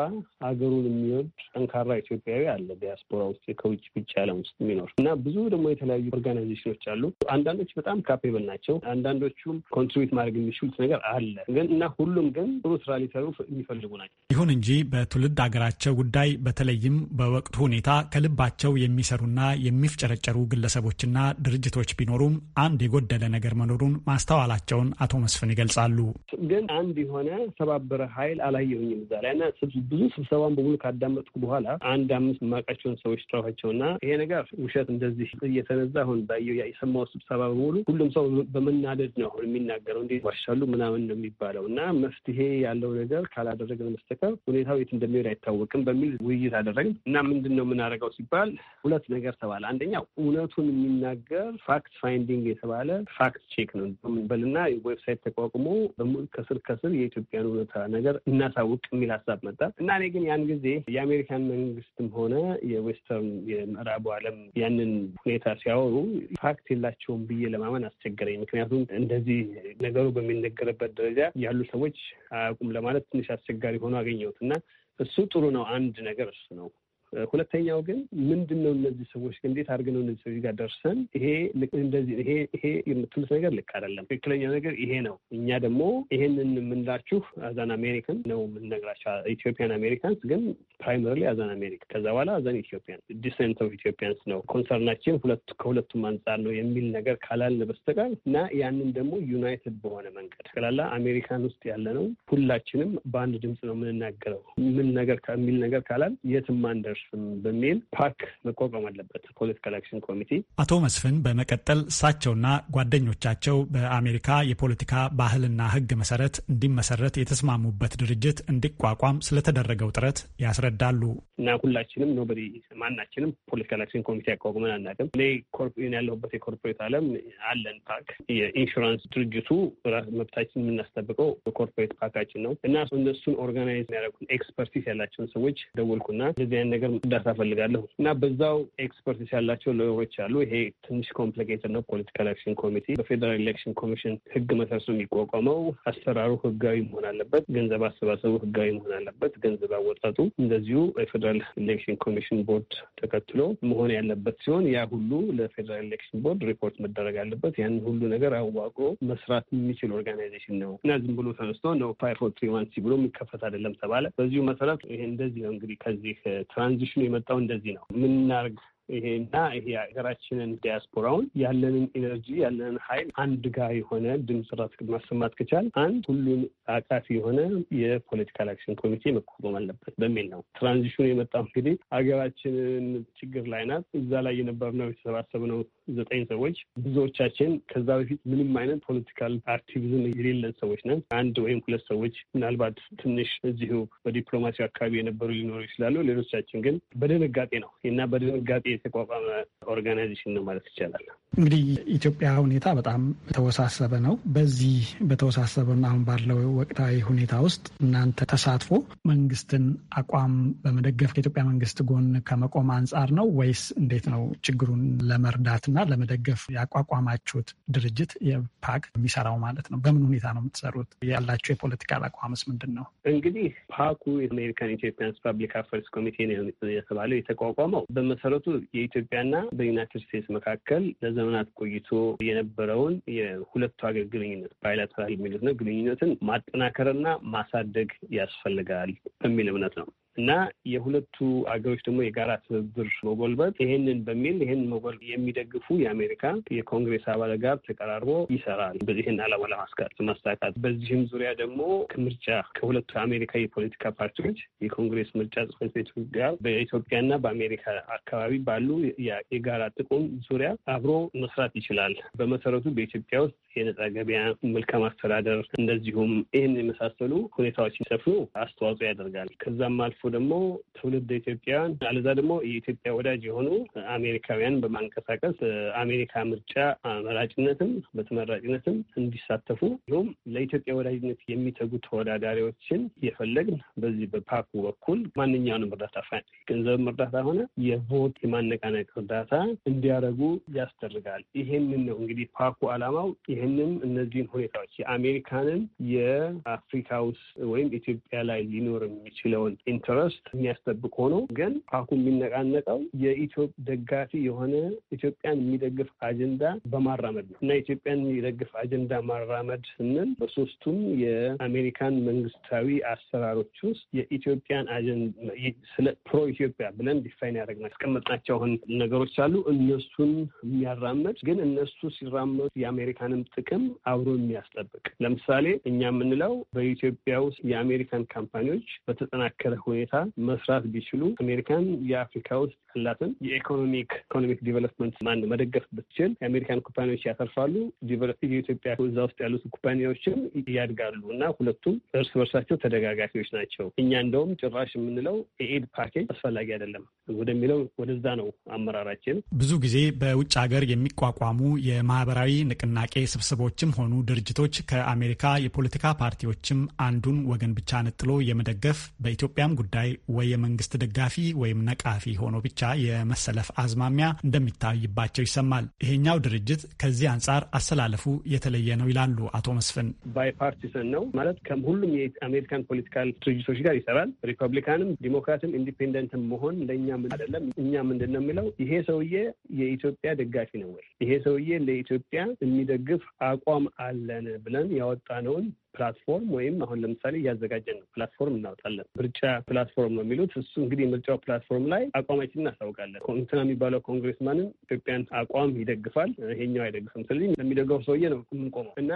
ሀገሩን የሚወድ ጠንካራ ኢትዮጵያዊ አለ ዲያስፖራ ውስጥ ከውጭ ብቻ ዓለም ውስጥ የሚኖር እና ብዙ ደግሞ የተለያዩ ኦርጋናይዜሽኖች አሉ። አንዳንዶች በጣም ካፔብል ናቸው። አንዳንዶቹም ኮንትሪቢዩት ማድረግ የሚችሉት ነገር አለ ግን እና ሁሉም ግን ጥሩ ስራ ሊሰሩ የሚፈልጉ ናቸው። ይሁን እንጂ በትውልድ ሀገራቸው ጉዳይ በተለይም በወቅቱ ሁኔታ ከልባቸው የሚሰሩና የሚፍጨረጨሩ ግለሰቦችና ድርጅቶች ቢኖሩም አንድ የጎደለ ነገር መኖሩን ማስተዋላቸውን አቶ መስፍን ይገልጻሉ። ግን አንድ የሆነ ሰባበረ ኃይል አላየሁኝም እዛ ላይ እና ብዙ ስብሰባ ስራውን በሙሉ ካዳመጥኩ በኋላ አንድ አምስት የማውቃቸውን ሰዎች እና ይሄ ነገር ውሸት እንደዚህ እየተነዛ አሁን የሰማው ስብሰባ በሙሉ ሁሉም ሰው በመናደድ ነው አሁን የሚናገረው እንዴት ዋሻሉ ምናምን ነው የሚባለው እና መፍትሄ ያለው ነገር ካላደረግን መስተከር ሁኔታው የት እንደሚሄድ አይታወቅም በሚል ውይይት አደረግን እና ምንድን ነው የምናደርገው ሲባል ሁለት ነገር ተባለ። አንደኛው እውነቱን የሚናገር ፋክት ፋይንዲንግ የተባለ ፋክት ቼክ ነው ምንበልና ዌብሳይት ተቋቁሞ ከስር ከስር የኢትዮጵያን እውነታ ነገር እናሳውቅ የሚል ሀሳብ መጣ እና እኔ ግን ያን ጊዜ የአሜሪካን መንግስትም ሆነ የዌስተርን የምዕራቡ ዓለም ያንን ሁኔታ ሲያወሩ ፋክት የላቸውም ብዬ ለማመን አስቸገረኝ። ምክንያቱም እንደዚህ ነገሩ በሚነገርበት ደረጃ ያሉ ሰዎች አያውቁም ለማለት ትንሽ አስቸጋሪ ሆኖ አገኘሁት እና እሱ ጥሩ ነው። አንድ ነገር እሱ ነው። ሁለተኛው ግን ምንድን ነው እነዚህ ሰዎች እንዴት አድርገን ነው እነዚህ ሰዎች ጋር ደርሰን ይሄ እንደዚህ ይሄ ይሄ የምትሉት ነገር ልክ አይደለም፣ ትክክለኛ ነገር ይሄ ነው፣ እኛ ደግሞ ይሄንን የምንላችሁ አዛን አሜሪካን ነው የምንነግራቸው ኢትዮጵያን አሜሪካንስ ግን ፕራይመሪሊ አዛን አሜሪካ፣ ከዛ በኋላ አዛን ኢትዮጵያን ዲሴንት ኦፍ ኢትዮጵያንስ ነው ኮንሰርናችን ከሁለቱም አንጻር ነው የሚል ነገር ካላልን በስተቀር እና ያንን ደግሞ ዩናይትድ በሆነ መንገድ ከላላ አሜሪካን ውስጥ ያለ ነው ሁላችንም በአንድ ድምፅ ነው የምንናገረው ምን ነገር የሚል ነገር ካላል የትም አንደር አይደርስም በሚል ፓክ መቋቋም አለበት ፖለቲካል አክሽን ኮሚቴ። አቶ መስፍን በመቀጠል እሳቸውና ጓደኞቻቸው በአሜሪካ የፖለቲካ ባህልና ሕግ መሰረት እንዲመሰረት የተስማሙበት ድርጅት እንዲቋቋም ስለተደረገው ጥረት ያስረዳሉ። እና ሁላችንም ኖበ ማናችንም ፖለቲካል አክሽን ኮሚቴ አቋቁመን አናውቅም። እኔ ያለሁበት የኮርፖሬት ዓለም አለን ፓክ የኢንሹራንስ ድርጅቱ መብታችን የምናስጠብቀው በኮርፖሬት ፓካችን ነው እና እነሱን ኦርጋናይዝ ያደረጉን ኤክስፐርቲስ ያላቸውን ሰዎች ደወልኩና እንደዚህ አይነት ነገር ነገር እንዳርታ ፈልጋለሁ እና በዛው ኤክስፐርቲስ ያላቸው ሎየሮች አሉ። ይሄ ትንሽ ኮምፕሊኬትድ ነው። ፖለቲካል አክሽን ኮሚቴ በፌዴራል ኤሌክሽን ኮሚሽን ህግ መሰርሱ የሚቋቋመው አሰራሩ ህጋዊ መሆን አለበት። ገንዘብ አሰባሰቡ ህጋዊ መሆን አለበት። ገንዘብ አወጣጡ እንደዚሁ የፌዴራል ኤሌክሽን ኮሚሽን ቦርድ ተከትሎ መሆን ያለበት ሲሆን ያ ሁሉ ለፌዴራል ኤሌክሽን ቦርድ ሪፖርት መደረግ አለበት። ያንን ሁሉ ነገር አዋቅሮ መስራት የሚችል ኦርጋናይዜሽን ነው እና ዝም ብሎ ተነስቶ ነው ፋይፎ ትሪ ብሎ የሚከፈት አይደለም ተባለ። በዚሁ መሰረት ይሄ እንደዚህ ነው እንግዲህ ከዚህ ትራንስ ትራንዚሽኑ የመጣው እንደዚህ ነው። ምናርግ ይሄና ይሄ ሀገራችንን ዲያስፖራውን ያለንን ኤነርጂ ያለንን ኃይል አንድ ጋ የሆነ ድምፅ ራት ማሰማት ከቻል አንድ ሁሉን አቃፊ የሆነ የፖለቲካል አክሽን ኮሚቴ መቋቋም አለበት በሚል ነው ትራንዚሽኑ የመጣው። እንግዲህ ሀገራችንን ችግር ላይ ናት። እዛ ላይ የነበርነው የተሰባሰብነው ዘጠኝ ሰዎች ብዙዎቻችን ከዛ በፊት ምንም አይነት ፖለቲካል አክቲቪዝም የሌለን ሰዎች ነን። አንድ ወይም ሁለት ሰዎች ምናልባት ትንሽ እዚሁ በዲፕሎማሲ አካባቢ የነበሩ ሊኖሩ ይችላሉ። ሌሎቻችን ግን በድንጋጤ ነው እና በድንጋጤ የተቋቋመ ኦርጋናይዜሽን ነው ማለት ይቻላል። እንግዲህ ኢትዮጵያ ሁኔታ በጣም የተወሳሰበ ነው። በዚህ በተወሳሰበና አሁን ባለው ወቅታዊ ሁኔታ ውስጥ እናንተ ተሳትፎ መንግስትን አቋም በመደገፍ ከኢትዮጵያ መንግስት ጎን ከመቆም አንጻር ነው ወይስ እንዴት ነው ችግሩን ለመርዳት እና ለመደገፍ ያቋቋማችሁት ድርጅት የፓክ የሚሰራው ማለት ነው? በምን ሁኔታ ነው የምትሰሩት? ያላቸው የፖለቲካ አቋምስ ምንድን ነው? እንግዲህ ፓኩ የአሜሪካን ኢትዮጵያንስ ፐብሊክ አፈርስ ኮሚቴ ነው የተባለው የተቋቋመው በመሰረቱ የኢትዮጵያና በዩናይትድ ስቴትስ መካከል ለዘመናት ቆይቶ የነበረውን የሁለቱ ሀገር ግንኙነት ባይላተራል የሚሉት ነው ግንኙነትን ማጠናከርና ማሳደግ ያስፈልጋል በሚል እምነት ነው። እና የሁለቱ አገሮች ደግሞ የጋራ ትብብር መጎልበት ይሄንን በሚል ይሄን መጎል የሚደግፉ የአሜሪካ የኮንግሬስ አባል ጋር ተቀራርቦ ይሰራል። በዚህን አላማ ለማስካት ማሳካት። በዚህም ዙሪያ ደግሞ ከምርጫ ከሁለቱ አሜሪካ የፖለቲካ ፓርቲዎች የኮንግሬስ ምርጫ ጽሕፈት ቤቱ ጋር በኢትዮጵያና በአሜሪካ አካባቢ ባሉ የጋራ ጥቁም ዙሪያ አብሮ መስራት ይችላል። በመሰረቱ በኢትዮጵያ ውስጥ የነጻ ገበያ፣ መልካም አስተዳደር እንደዚሁም ይህን የመሳሰሉ ሁኔታዎች ሲሰፍኑ አስተዋጽኦ ያደርጋል። ከዛም አልፎ ደግሞ ትውልድ ኢትዮጵያውያን አለዛ ደግሞ የኢትዮጵያ ወዳጅ የሆኑ አሜሪካውያን በማንቀሳቀስ አሜሪካ ምርጫ መራጭነትም በተመራጭነትም እንዲሳተፉ እንዲሁም ለኢትዮጵያ ወዳጅነት የሚተጉ ተወዳዳሪዎችን የፈለግን በዚህ በፓኩ በኩል ማንኛውንም እርዳታ ፋ ገንዘብም እርዳታ ሆነ የቮት የማነቃነቅ እርዳታ እንዲያደርጉ ያስደርጋል። ይሄንን ነው እንግዲህ ፓኩ አላማው። ይህንን እነዚህን ሁኔታዎች የአሜሪካንን የአፍሪካ ውስጥ ወይም ኢትዮጵያ ላይ ሊኖር የሚችለውን ኢንተር እረፍት የሚያስጠብቅ ሆኖ ግን ፓኩ የሚነቃነቀው የኢትዮ ደጋፊ የሆነ ኢትዮጵያን የሚደግፍ አጀንዳ በማራመድ ነው እና ኢትዮጵያን የሚደግፍ አጀንዳ ማራመድ ስንል በሶስቱም የአሜሪካን መንግስታዊ አሰራሮች ውስጥ የኢትዮጵያን ስለ ፕሮ ኢትዮጵያ ብለን ዲፋይን ያደረግና ያስቀመጥናቸውን ነገሮች አሉ። እነሱን የሚያራመድ ግን እነሱ ሲራመዱ የአሜሪካንም ጥቅም አብሮ የሚያስጠብቅ ለምሳሌ እኛ የምንለው በኢትዮጵያ ውስጥ የአሜሪካን ካምፓኒዎች በተጠናከረ ሁኔታ መስራት ቢችሉ አሜሪካን የአፍሪካ ውስጥ ያላትን የኢኮኖሚክ ኢኮኖሚክ ዲቨሎፕመንት ማን መደገፍ ብትችል የአሜሪካን ኩባንያዎች ያተርፋሉ። የኢትዮጵያ እዛ ውስጥ ያሉት ኩባንያዎችም ያድጋሉ እና ሁለቱም እርስ በርሳቸው ተደጋጋፊዎች ናቸው። እኛ እንደውም ጭራሽ የምንለው የኤድ ፓኬጅ አስፈላጊ አይደለም ወደሚለው ወደዛ ነው አመራራችን። ብዙ ጊዜ በውጭ ሀገር የሚቋቋሙ የማህበራዊ ንቅናቄ ስብስቦችም ሆኑ ድርጅቶች ከአሜሪካ የፖለቲካ ፓርቲዎችም አንዱን ወገን ብቻ ነጥሎ የመደገፍ በኢትዮጵያም ጉዳይ ወይ የመንግስት ደጋፊ ወይም ነቃፊ ሆኖ ብቻ የመሰለፍ አዝማሚያ እንደሚታይባቸው ይሰማል። ይሄኛው ድርጅት ከዚህ አንጻር አሰላለፉ የተለየ ነው ይላሉ አቶ መስፍን። ባይ ነው ማለት ከሁሉም የአሜሪካን ፖለቲካል ድርጅቶች ጋር ይሰራል። ሪፐብሊካንም፣ ዲሞክራትም ኢንዲፔንደንትም መሆን ለእኛ ምን አይደለም። እኛ ምንድን ነው የሚለው ይሄ ሰውዬ የኢትዮጵያ ደጋፊ ነው ወይ ይሄ ሰውዬ ለኢትዮጵያ የሚደግፍ አቋም አለን ብለን ያወጣነውን ፕላትፎርም ወይም አሁን ለምሳሌ እያዘጋጀን ነው ፕላትፎርም እናወጣለን። ምርጫ ፕላትፎርም ነው የሚሉት እሱ እንግዲህ ምርጫው ፕላትፎርም ላይ አቋማችን እናሳውቃለን። እንትና የሚባለው ማንን ኢትዮጵያን አቋም ይደግፋል፣ ይሄኛው አይደግፍም። ስለዚህ ለሚደግፈው ሰውዬ ነው የምንቆመው እና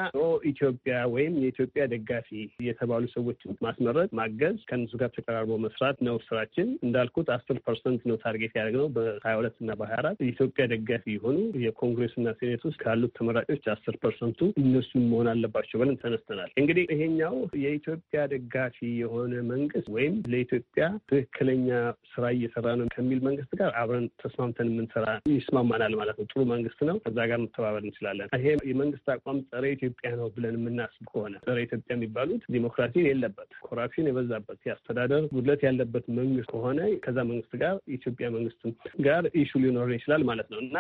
ኢትዮጵያ ወይም የኢትዮጵያ ደጋፊ የተባሉ ሰዎችን ማስመረጥ፣ ማገዝ፣ ከእነሱ ጋር ተቀራርቦ መስራት ነው ስራችን። እንዳልኩት አስር ፐርሰንት ነው ታርጌት ያደረግነው በሀያ ሁለት እና በሀያ አራት የኢትዮጵያ ደጋፊ የሆኑ የኮንግሬስና ሴኔት ውስጥ ካሉት ተመራጮች አስር ፐርሰንቱ እነሱን መሆን አለባቸው ብለን ተነስተናል። እንግዲህ ይሄኛው የኢትዮጵያ ደጋፊ የሆነ መንግስት ወይም ለኢትዮጵያ ትክክለኛ ስራ እየሰራ ነው ከሚል መንግስት ጋር አብረን ተስማምተን የምንሰራ ይስማማናል ማለት ነው። ጥሩ መንግስት ነው፣ ከዛ ጋር መተባበር እንችላለን። ይሄ የመንግስት አቋም ጸረ ኢትዮጵያ ነው ብለን የምናስብ ከሆነ ጸረ ኢትዮጵያ የሚባሉት ዲሞክራሲ የለበት ኮራፕሽን የበዛበት የአስተዳደር ጉድለት ያለበት መንግስት ከሆነ ከዛ መንግስት ጋር ኢትዮጵያ መንግስት ጋር ኢሹ ሊኖር ይችላል ማለት ነው እና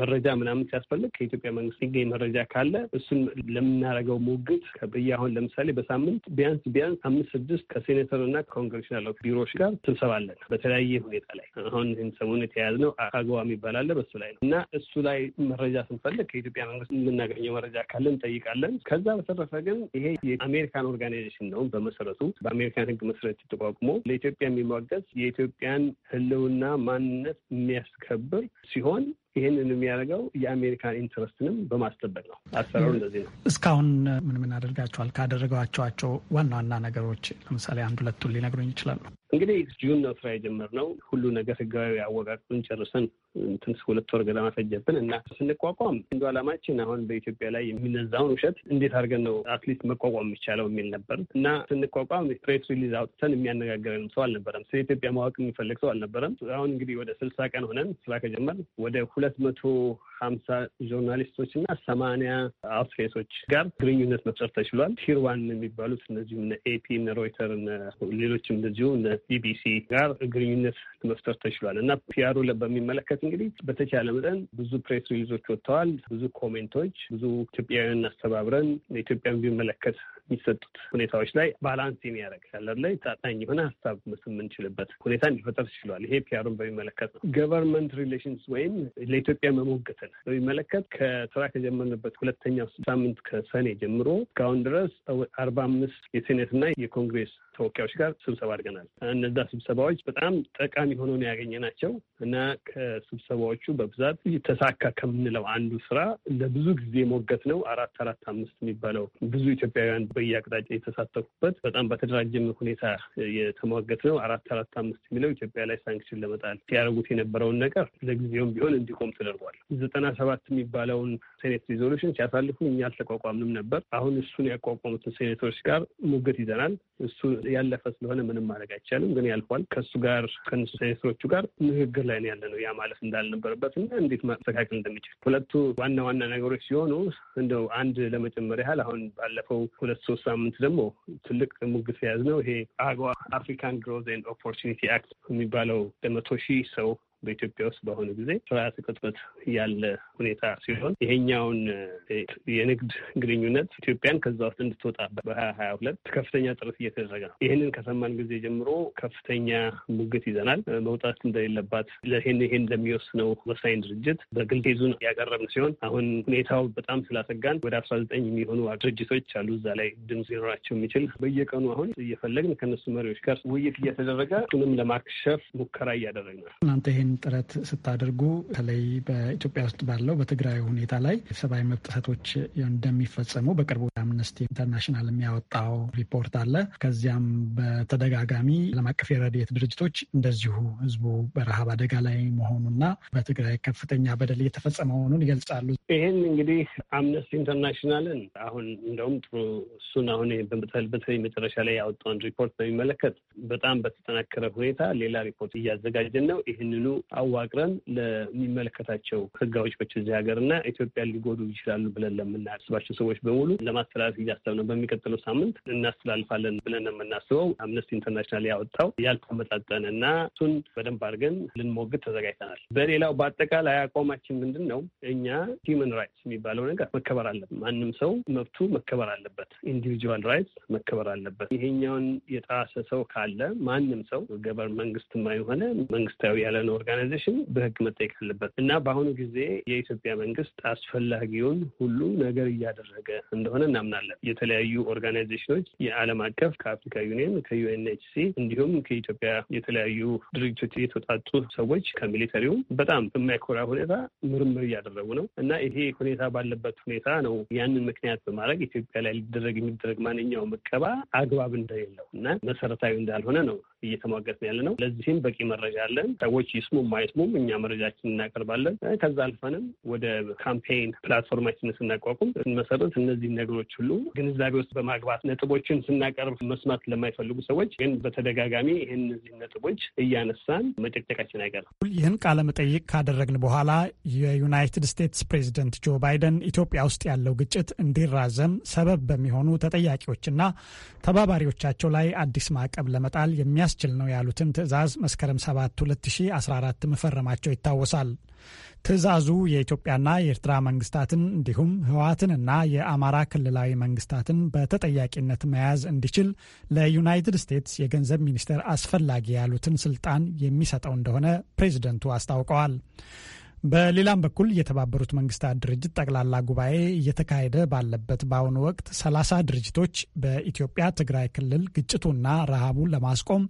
መረጃ ምናምን ሲያስፈልግ ከኢትዮጵያ መንግስት ይገኝ መረጃ ካለ እሱን ለምናደርገው ሙግት ከብዬ አሁን ለምሳሌ በሳምንት ቢያንስ ቢያንስ አምስት ስድስት ከሴኔተር እና ኮንግሬሽናል ቢሮዎች ጋር ስብሰባ አለን በተለያየ ሁኔታ ላይ አሁን ይህን ሰሞኑን የተያዝነው አገዋ የሚባል አለ በሱ ላይ ነው እና እሱ ላይ መረጃ ስንፈልግ ከኢትዮጵያ መንግስት የምናገኘው መረጃ ካለን እንጠይቃለን። ከዛ በተረፈ ግን ይሄ የአሜሪካን ኦርጋናይዜሽን ነው በመሰረቱ በአሜሪካን ህግ መሰረት ተቋቁሞ ለኢትዮጵያ የሚሟገዝ የኢትዮጵያን ህልውና ማንነት የሚያስከብር ሲሆን ይህንን የሚያደርገው የአሜሪካን ኢንትረስትንም በማስጠበቅ ነው። አሰራሩ እንደዚህ ነው። እስካሁን ምን ምን አድርጋቸዋል? ካደረገቸዋቸው ዋና ዋና ነገሮች ለምሳሌ አንድ ሁለቱን ሊነግሩኝ ይችላሉ? እንግዲህ ጁን ነው ስራ የጀመርነው። ሁሉ ነገር ህጋዊ አወቃቀሩን ጨርሰን ትንስ ሁለት ወር ገደማ ፈጀብን እና ስንቋቋም እንዱ አላማችን አሁን በኢትዮጵያ ላይ የሚነዛውን ውሸት እንዴት አድርገን ነው አትሊስት መቋቋም የሚቻለው የሚል ነበር እና ስንቋቋም ፕሬስ ሪሊዝ አውጥተን የሚያነጋግረን ሰው አልነበረም። ስለ ኢትዮጵያ ማወቅ የሚፈልግ ሰው አልነበረም። አሁን እንግዲህ ወደ ስልሳ ቀን ሆነን ስራ ከጀመር ወደ ሁለት መቶ ሀምሳ ጆርናሊስቶች እና ሰማንያ አውትሌቶች ጋር ግንኙነት መፍጠር ተችሏል። ሂርዋን የሚባሉት እነዚሁ ኤፒ፣ ሮይተር፣ ሌሎችም እንደዚሁ ቢቢሲ ጋር ግንኙነት መፍጠር ተችሏል እና ፒያሩ በሚመለከት ማለት እንግዲህ በተቻለ መጠን ብዙ ፕሬስ ሪሊዞች ወጥተዋል። ብዙ ኮሜንቶች፣ ብዙ ኢትዮጵያውያን አስተባብረን ኢትዮጵያን ቢመለከት የሚሰጡት ሁኔታዎች ላይ ባላንስ የሚያደርግ ያለር ላይ ታጣኝ የሆነ ሀሳብ መስ የምንችልበት ሁኔታ እንዲፈጠር ችሏል። ይሄ ፒያሩን በሚመለከት ነው። ገቨርንመንት ሪሌሽንስ ወይም ለኢትዮጵያ መሞገትን በሚመለከት ከስራ ከጀመርንበት ሁለተኛው ሳምንት ከሰኔ ጀምሮ እስካሁን ድረስ አርባ አምስት የሴኔት እና የኮንግሬስ ተወካዮች ጋር ስብሰባ አድርገናል። እነዛ ስብሰባዎች በጣም ጠቃሚ ሆነው ያገኘ ናቸው እና ስብሰባዎቹ በብዛት ተሳካ ከምንለው አንዱ ስራ ለብዙ ጊዜ ሞገት ነው አራት አራት አምስት የሚባለው ብዙ ኢትዮጵያውያን በየአቅጣጫ የተሳተፉበት በጣም በተደራጀም ሁኔታ የተሟገት ነው አራት አራት አምስት የሚለው ኢትዮጵያ ላይ ሳንክሽን ለመጣል ሲያደርጉት የነበረውን ነገር ለጊዜውም ቢሆን እንዲቆም ተደርጓል። ዘጠና ሰባት የሚባለውን ሴኔት ሪዞሉሽን ሲያሳልፉ እኛ አልተቋቋምንም ነበር። አሁን እሱን ያቋቋሙትን ሴኔቶች ጋር ሙግት ይዘናል። እሱ ያለፈ ስለሆነ ምንም ማድረግ አይቻልም፣ ግን ያልፏል። ከእሱ ጋር ከነሱ ሴኔተሮቹ ጋር ንግግር ላይ ነው ያለ ነው። ያ ማለት እንዳልነበረበት እና እንዴት ማስተካከል እንደሚችል ሁለቱ ዋና ዋና ነገሮች ሲሆኑ እንደው አንድ ለመጨመር ያህል አሁን ባለፈው ሁለት ሶስት ሳምንት ደግሞ ትልቅ ሙግት የያዝነው ይሄ አገዋ አፍሪካን ግሮዝ ኤንድ ኦፖርቹኒቲ አክት የሚባለው ለመቶ ሺህ ሰው በኢትዮጵያ ውስጥ በአሁኑ ጊዜ ስራ ቅጥበት ያለ ሁኔታ ሲሆን ይሄኛውን የንግድ ግንኙነት ኢትዮጵያን ከዛ ውስጥ እንድትወጣ በሀያ ሀያ ሁለት ከፍተኛ ጥረት እየተደረገ ነው። ይህንን ከሰማን ጊዜ ጀምሮ ከፍተኛ ሙግት ይዘናል። መውጣት እንደሌለባት ይህን ይህን ለሚወስነው ወሳኝ ድርጅት በግልቴዙን ያቀረብን ሲሆን አሁን ሁኔታው በጣም ስላሰጋን ወደ አስራ ዘጠኝ የሚሆኑ ድርጅቶች አሉ እዛ ላይ ድምጽ ሊኖራቸው የሚችል በየቀኑ አሁን እየፈለግን ከነሱ መሪዎች ጋር ውይይት እየተደረገ እሱንም ለማክሸፍ ሙከራ እያደረግ እናንተ ይህን ጥረት ስታደርጉ በተለይ በኢትዮጵያ ውስጥ ባለው በትግራይ ሁኔታ ላይ ሰብአዊ መብት ጥሰቶች እንደሚፈጸሙ በቅርቡ አምነስቲ ኢንተርናሽናል የሚያወጣው ሪፖርት አለ። ከዚያም በተደጋጋሚ ዓለም አቀፍ የረድኤት ድርጅቶች እንደዚሁ ህዝቡ በረሃብ አደጋ ላይ መሆኑና በትግራይ ከፍተኛ በደል እየተፈጸመ መሆኑን ይገልጻሉ። ይህን እንግዲህ አምነስቲ ኢንተርናሽናልን አሁን እንደውም ጥሩ እሱን አሁን በተለይ መጨረሻ ላይ ያወጣውን ሪፖርት በሚመለከት በጣም በተጠናከረ ሁኔታ ሌላ ሪፖርት እያዘጋጀን ነው። ይህንኑ አዋቅረን ለሚመለከታቸው ህግ አውጪዎች ሀገር ሀገርና ኢትዮጵያን ሊጎዱ ይችላሉ ብለን ለምናስባቸው ሰዎች በሙሉ ለማስተላለፍ እያሰብን ነው። በሚቀጥለው ሳምንት እናስተላልፋለን ብለን የምናስበው አምነስቲ ኢንተርናሽናል ያወጣው ያልተመጣጠነ እና እሱን በደንብ አድርገን ልንሞግድ ተዘጋጅተናል። በሌላው በአጠቃላይ አቋማችን ምንድን ነው? እኛ ሂውመን ራይትስ የሚባለው ነገር መከበር አለበት። ማንም ሰው መብቱ መከበር አለበት። ኢንዲቪጁዋል ራይትስ መከበር አለበት። ይሄኛውን የጣሰ ሰው ካለ ማንም ሰው ገበር መንግስትማ የሆነ መንግስታዊ ያለነው ኦርጋናይዜሽን በህግ መጠየቅ አለበት እና በአሁኑ ጊዜ የኢትዮጵያ መንግስት አስፈላጊውን ሁሉ ነገር እያደረገ እንደሆነ እናምናለን። የተለያዩ ኦርጋናይዜሽኖች የዓለም አቀፍ ከአፍሪካ ዩኒየን፣ ከዩኤንኤችሲ እንዲሁም ከኢትዮጵያ የተለያዩ ድርጅቶች የተውጣጡ ሰዎች ከሚሊተሪው በጣም የማይኮራ ሁኔታ ምርምር እያደረጉ ነው እና ይሄ ሁኔታ ባለበት ሁኔታ ነው ያንን ምክንያት በማድረግ ኢትዮጵያ ላይ ሊደረግ የሚደረግ ማንኛውም እቀባ አግባብ እንደሌለው እና መሰረታዊ እንዳልሆነ ነው እየተሟገት ነው ያለ ነው። ለዚህም በቂ መረጃ አለን። ሰዎች ይስሙ ማይስሙም እኛ መረጃችን እናቀርባለን። ከዛ አልፈንም ወደ ካምፔይን ፕላትፎርማችንን ስናቋቁም ስንመሰረት እነዚህ ነገሮች ሁሉ ግንዛቤ ውስጥ በማግባት ነጥቦችን ስናቀርብ መስማት ለማይፈልጉ ሰዎች ግን በተደጋጋሚ ይህን እነዚህ ነጥቦች እያነሳን መጨቅጨቃችን አይቀርም። ይህን ቃለ መጠይቅ ካደረግን በኋላ የዩናይትድ ስቴትስ ፕሬዚደንት ጆ ባይደን ኢትዮጵያ ውስጥ ያለው ግጭት እንዲራዘም ሰበብ በሚሆኑ ተጠያቂዎችና ተባባሪዎቻቸው ላይ አዲስ ማዕቀብ ለመጣል የሚያ የሚያስችል ነው ያሉትን ትዕዛዝ መስከረም 7 2014 መፈረማቸው ይታወሳል። ትዕዛዙ የኢትዮጵያና የኤርትራ መንግስታትን እንዲሁም ህወሓትንና የአማራ ክልላዊ መንግስታትን በተጠያቂነት መያዝ እንዲችል ለዩናይትድ ስቴትስ የገንዘብ ሚኒስቴር አስፈላጊ ያሉትን ስልጣን የሚሰጠው እንደሆነ ፕሬዚደንቱ አስታውቀዋል። በሌላም በኩል የተባበሩት መንግስታት ድርጅት ጠቅላላ ጉባኤ እየተካሄደ ባለበት በአሁኑ ወቅት ሰላሳ ድርጅቶች በኢትዮጵያ ትግራይ ክልል ግጭቱና ረሃቡን ለማስቆም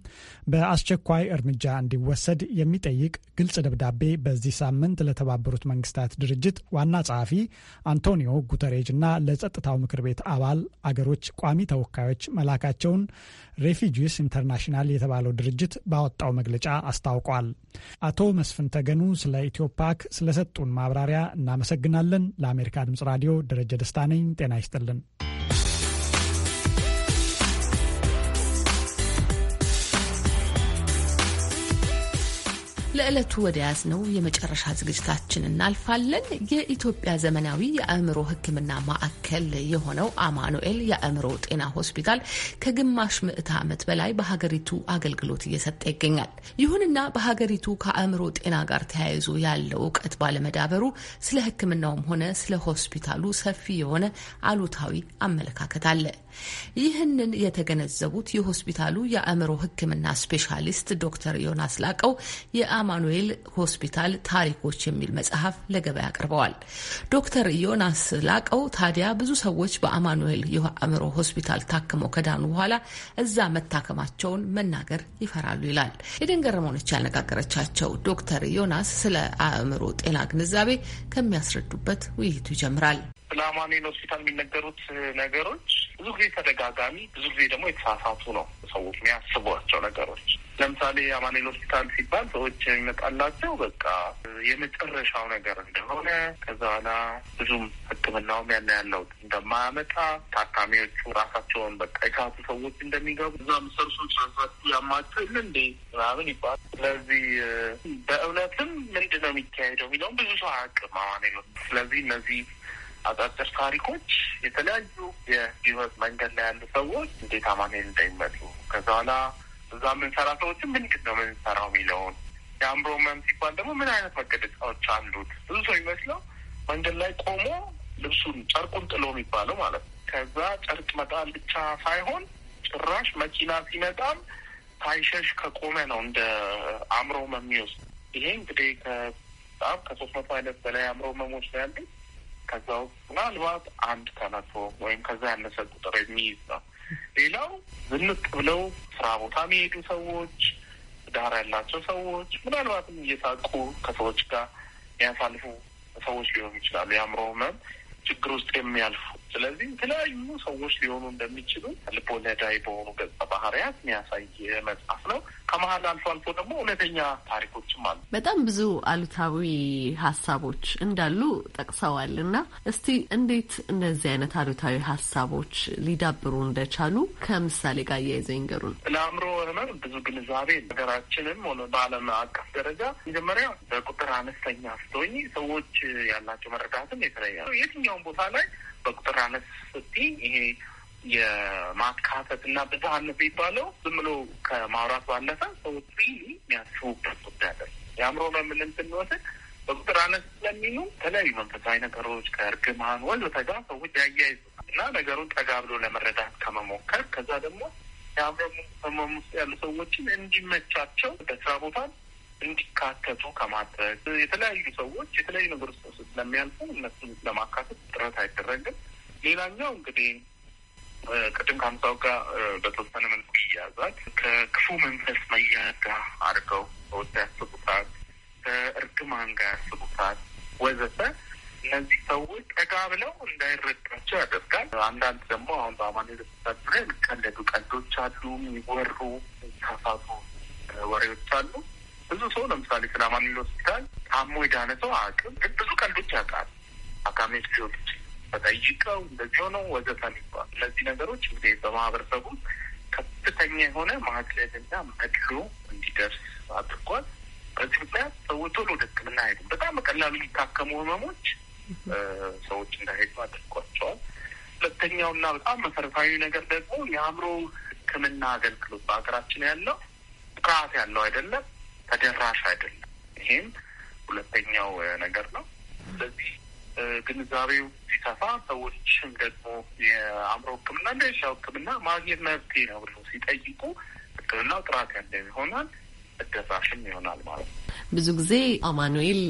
በአስቸኳይ እርምጃ እንዲወሰድ የሚጠይቅ ግልጽ ደብዳቤ በዚህ ሳምንት ለተባበሩት መንግስታት ድርጅት ዋና ጸሐፊ አንቶኒዮ ጉተሬጅ እና ለጸጥታው ምክር ቤት አባል አገሮች ቋሚ ተወካዮች መላካቸውን ሬፊጂስ ኢንተርናሽናል የተባለው ድርጅት ባወጣው መግለጫ አስታውቋል። አቶ መስፍን ተገኑ ስለ ኢትዮፓክ ስለሰጡን ማብራሪያ እናመሰግናለን። ለአሜሪካ ድምጽ ራዲዮ ደረጀ ደስታ ነኝ። ጤና ይስጥልን። ለዕለቱ ወደ ያዝነው የመጨረሻ ዝግጅታችን እናልፋለን። የኢትዮጵያ ዘመናዊ የአእምሮ ሕክምና ማዕከል የሆነው አማኑኤል የአእምሮ ጤና ሆስፒታል ከግማሽ ምዕተ ዓመት በላይ በሀገሪቱ አገልግሎት እየሰጠ ይገኛል። ይሁንና በሀገሪቱ ከአእምሮ ጤና ጋር ተያይዞ ያለው እውቀት ባለመዳበሩ ስለ ሕክምናውም ሆነ ስለ ሆስፒታሉ ሰፊ የሆነ አሉታዊ አመለካከት አለ። ይህንን የተገነዘቡት የሆስፒታሉ የአእምሮ ሕክምና ስፔሻሊስት ዶክተር ዮናስ ላቀው የአማኑኤል ሆስፒታል ታሪኮች የሚል መጽሐፍ ለገበያ አቅርበዋል። ዶክተር ዮናስ ላቀው ታዲያ ብዙ ሰዎች በአማኑኤል የአእምሮ ሆስፒታል ታክመው ከዳኑ በኋላ እዛ መታከማቸውን መናገር ይፈራሉ ይላል። የደን ገረመሆነች ያነጋገረቻቸው ዶክተር ዮናስ ስለ አእምሮ ጤና ግንዛቤ ከሚያስረዱበት ውይይቱ ይጀምራል። ስለ አማኑኤል ሆስፒታል የሚነገሩት ነገሮች ብዙ ጊዜ ተደጋጋሚ፣ ብዙ ጊዜ ደግሞ የተሳሳቱ ነው ሰዎች የሚያስቧቸው ነገሮች ለምሳሌ አማኑኤል ሆስፒታል ሲባል ሰዎች የሚመጣላቸው በቃ የመጨረሻው ነገር እንደሆነ ከዛ በኋላ ብዙም ሕክምናውም ያን ያለው እንደማያመጣ ታካሚዎቹ ራሳቸውን በቃ የካቱ ሰዎች እንደሚገቡ እዛ ምሰርሶች ራሳቸው ያማቸው ያማቸል እንዴ ምናምን ይባል። ስለዚህ በእውነትም ምንድን ነው የሚካሄደው የሚለውም ብዙ ሰው አያውቅም አማኑኤል። ስለዚህ እነዚህ አጫጭር ታሪኮች የተለያዩ የህይወት መንገድ ላይ ያሉ ሰዎች እንዴት አማኑኤል እንዳይመጡ ከዛ በኋላ እዛ የምንሰራ ሰዎችን ምንድን ነው የምንሰራው የሚለውን የአእምሮ ህመም ሲባል ደግሞ ምን አይነት መገለጫዎች አሉት? ብዙ ሰው ይመስለው መንገድ ላይ ቆሞ ልብሱን ጨርቁን ጥሎ የሚባለው ማለት ነው። ከዛ ጨርቅ መጣል ብቻ ሳይሆን ጭራሽ መኪና ሲመጣም ታይሸሽ ከቆመ ነው እንደ አእምሮ ህመም የሚወስድ። ይሄ እንግዲህ ከጣም ከሶስት መቶ አይነት በላይ አእምሮ ህመሞች ነው ያሉት። ከዛ ውስጥ ምናልባት አንድ ከመቶ ወይም ከዛ ያነሰ ቁጥር የሚይዝ ነው። ሌላው ዝንጥ ብለው ስራ ቦታ የሚሄዱ ሰዎች፣ ዳር ያላቸው ሰዎች፣ ምናልባትም እየሳቁ ከሰዎች ጋር የሚያሳልፉ ሰዎች ሊሆኑ ይችላሉ። የአእምሮ ህመም ችግር ውስጥ የሚያልፉ ስለዚህ የተለያዩ ሰዎች ሊሆኑ እንደሚችሉ ልቦለዳዊ በሆኑ ገጸ ባህሪያት የሚያሳይ መጽሐፍ ነው። ከመሀል አልፎ አልፎ ደግሞ እውነተኛ ታሪኮችም አሉ። በጣም ብዙ አሉታዊ ሀሳቦች እንዳሉ ጠቅሰዋል እና እስቲ እንዴት እነዚህ አይነት አሉታዊ ሀሳቦች ሊዳብሩ እንደቻሉ ከምሳሌ ጋር አያይዘው ይንገሩን። ለአእምሮ ህመም ብዙ ግንዛቤ ሀገራችንም ሆነ በዓለም አቀፍ ደረጃ መጀመሪያ በቁጥር አነስተኛ ስትሆኝ ሰዎች ያላቸው መረዳትም የተለያ የትኛውም ቦታ ላይ በቁጥር አነስ ስቲ ይሄ የማካተት እና ብዝሃነት የሚባለው ዝም ብሎ ከማውራት ባለፈ ሰዎች ሪሊ የሚያስቡበት ጉዳይ አለ። የአእምሮ መምልን ስንወስድ በቁጥር አነስ ስለሚኑ የተለያዩ መንፈሳዊ ነገሮች ከእርግማን ወዘተ ጋር ሰዎች ያያይዙ እና ነገሩን ጠጋ ብሎ ለመረዳት ከመሞከር ከዛ ደግሞ የአእምሮ መመም ውስጥ ያሉ ሰዎችን እንዲመቻቸው በስራ ቦታ እንዲካተቱ ከማድረግ የተለያዩ ሰዎች የተለያዩ ነገሮች ስለሚያልፉ እነሱን ለማካተት ጥረት አይደረግም። ሌላኛው እንግዲህ ቅድም ከአምሳው ጋር በተወሰነ መልኩ ይያዛል። ከክፉ መንፈስ መያዝ አድርገው ሰዎች ያስቡታል። ከእርግማን ጋር ያስቡታል ወዘተ። እነዚህ ሰዎች ጠጋ ብለው እንዳይረዳቸው ያደርጋል። አንዳንድ ደግሞ አሁን በአማኒ ደስታት ዙሪያ የሚቀለዱ ቀልዶች አሉ፣ የሚወሩ ሳሳቱ ወሬዎች አሉ። ብዙ ሰው ለምሳሌ ስላማኑኤል ሆስፒታል ታሞ የዳነ ሰው አቅም ግን ብዙ ቀልዶች ያውቃል። አካሜ ቢሆኖች በጠይቀው እንደዚህ ሆነው ወዘተ ይባል። እነዚህ ነገሮች እንግዲህ በማህበረሰቡ ከፍተኛ የሆነ ማግለልና መድሎ እንዲደርስ አድርጓል። በዚህ ምክንያት ሰዎች ቶሎ ወደ ሕክምና አይሄዱም። በጣም በቀላሉ የሚታከሙ ህመሞች ሰዎች እንዳይሄዱ አድርጓቸዋል። ሁለተኛውና በጣም መሰረታዊ ነገር ደግሞ የአእምሮ ሕክምና አገልግሎት በሀገራችን ያለው ጥራት ያለው አይደለም። ተደራሽ አይደለም። ይሄም ሁለተኛው ነገር ነው። ስለዚህ ግንዛቤው ሲሰፋ ሰዎችም ደግሞ የአእምሮ ሕክምና እንደ ሻ ሕክምና ማግኘት መብቴ ነው ብሎ ሲጠይቁ ሕክምናው ጥራት ያለው ይሆናል፣ ተደራሽም ይሆናል ማለት ነው። ብዙ ጊዜ አማኑኤል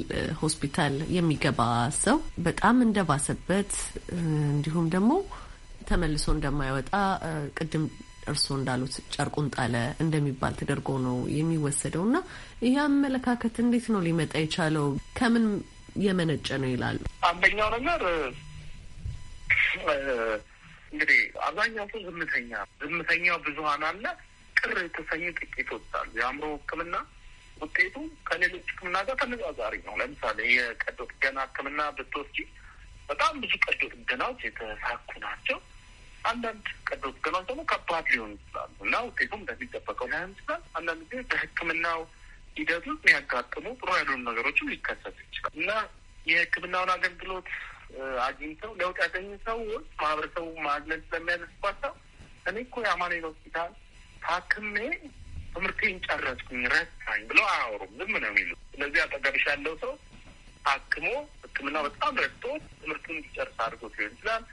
ሆስፒታል የሚገባ ሰው በጣም እንደባሰበት እንዲሁም ደግሞ ተመልሶ እንደማይወጣ ቅድም እርስዎ እንዳሉት ጨርቁን ጣለ እንደሚባል ተደርጎ ነው የሚወሰደው እና ይህ አመለካከት እንዴት ነው ሊመጣ የቻለው? ከምን የመነጨ ነው ይላሉ። አንደኛው ነገር እንግዲህ አብዛኛው ሰው ዝምተኛ ዝምተኛ ብዙሀን አለ፣ ቅር የተሰኙ ጥቂቶች አሉ። የአእምሮ ሕክምና ውጤቱ ከሌሎች ሕክምና ጋር ተነጻጻሪ ነው። ለምሳሌ የቀዶ ጥገና ሕክምና ብትወስጂ በጣም ብዙ ቀዶ ጥገናዎች የተሳኩ ናቸው። አንዳንድ ቀዶ ጥገናዎች ደግሞ ከባድ ሊሆኑ ይችላሉ እና ውጤቱም እንደሚጠበቀው ላይሆን ይችላል። አንዳንድ ጊዜ በሕክምናው ሂደቱ የሚያጋጥሙ ጥሩ ያሉን ነገሮችም ሊከሰቱ ይችላል እና የሕክምናውን አገልግሎት አግኝተው ለውጥ ያገኙ ሰዎች ማህበረሰቡ ማግለል ስለሚያደርስባቸው እኔ እኮ የአማኑኤል ሆስፒታል ታክሜ ትምህርቴን ጨረስኩኝ ረሳኝ ብለው አያወሩም። ዝም ነው የሚሉ። ስለዚህ አጠገብሽ ያለው ሰው ታክሞ ህክምና በጣም ረድቶ ትምህርቱን እንዲጨርስ አድርጎት ሊሆን ይችላል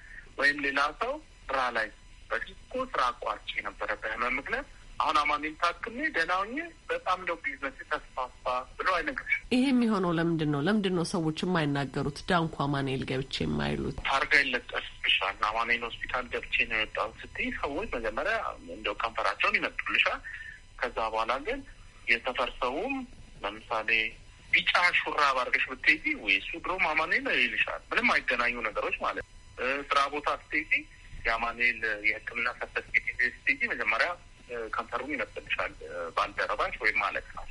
ወይም ሌላ ሰው ስራ ላይ በፊት ስራ አቋርጬ ነበረ በህመም ምክንያት። አሁን አማኑኤል ታክሜ ደህና ሆኜ በጣም ነው ቢዝነስ የተስፋፋ ብሎ አይነግርሽም። ይሄ የሚሆነው ለምንድን ነው? ለምንድን ነው ሰዎች የማይናገሩት? ዳንኩ አማኔል ገብቼ የማይሉት ታርጋ ይለጠፍብሻል። አማኑኤል ሆስፒታል ገብቼ ነው የወጣሁት ስትይ ሰዎች መጀመሪያ እንደው ከንፈራቸውን ይመጡልሻል። ከዛ በኋላ ግን የሰፈር ሰውም ለምሳሌ ቢጫ ሹራ ባርገሽ ብትሄጂ ወይ እሱ ድሮም ነው ይልሻል። ምንም አይገናኙ ነገሮች ማለት ነው። ስራ ቦታ ስትሄጂ የአማኑኤል የሕክምና ሰርተፊኬት ዩኒቨርሲቲ መጀመሪያ ከንፈሩን ይመጥልሻል ባልደረባሽ ወይም ማለት ነው።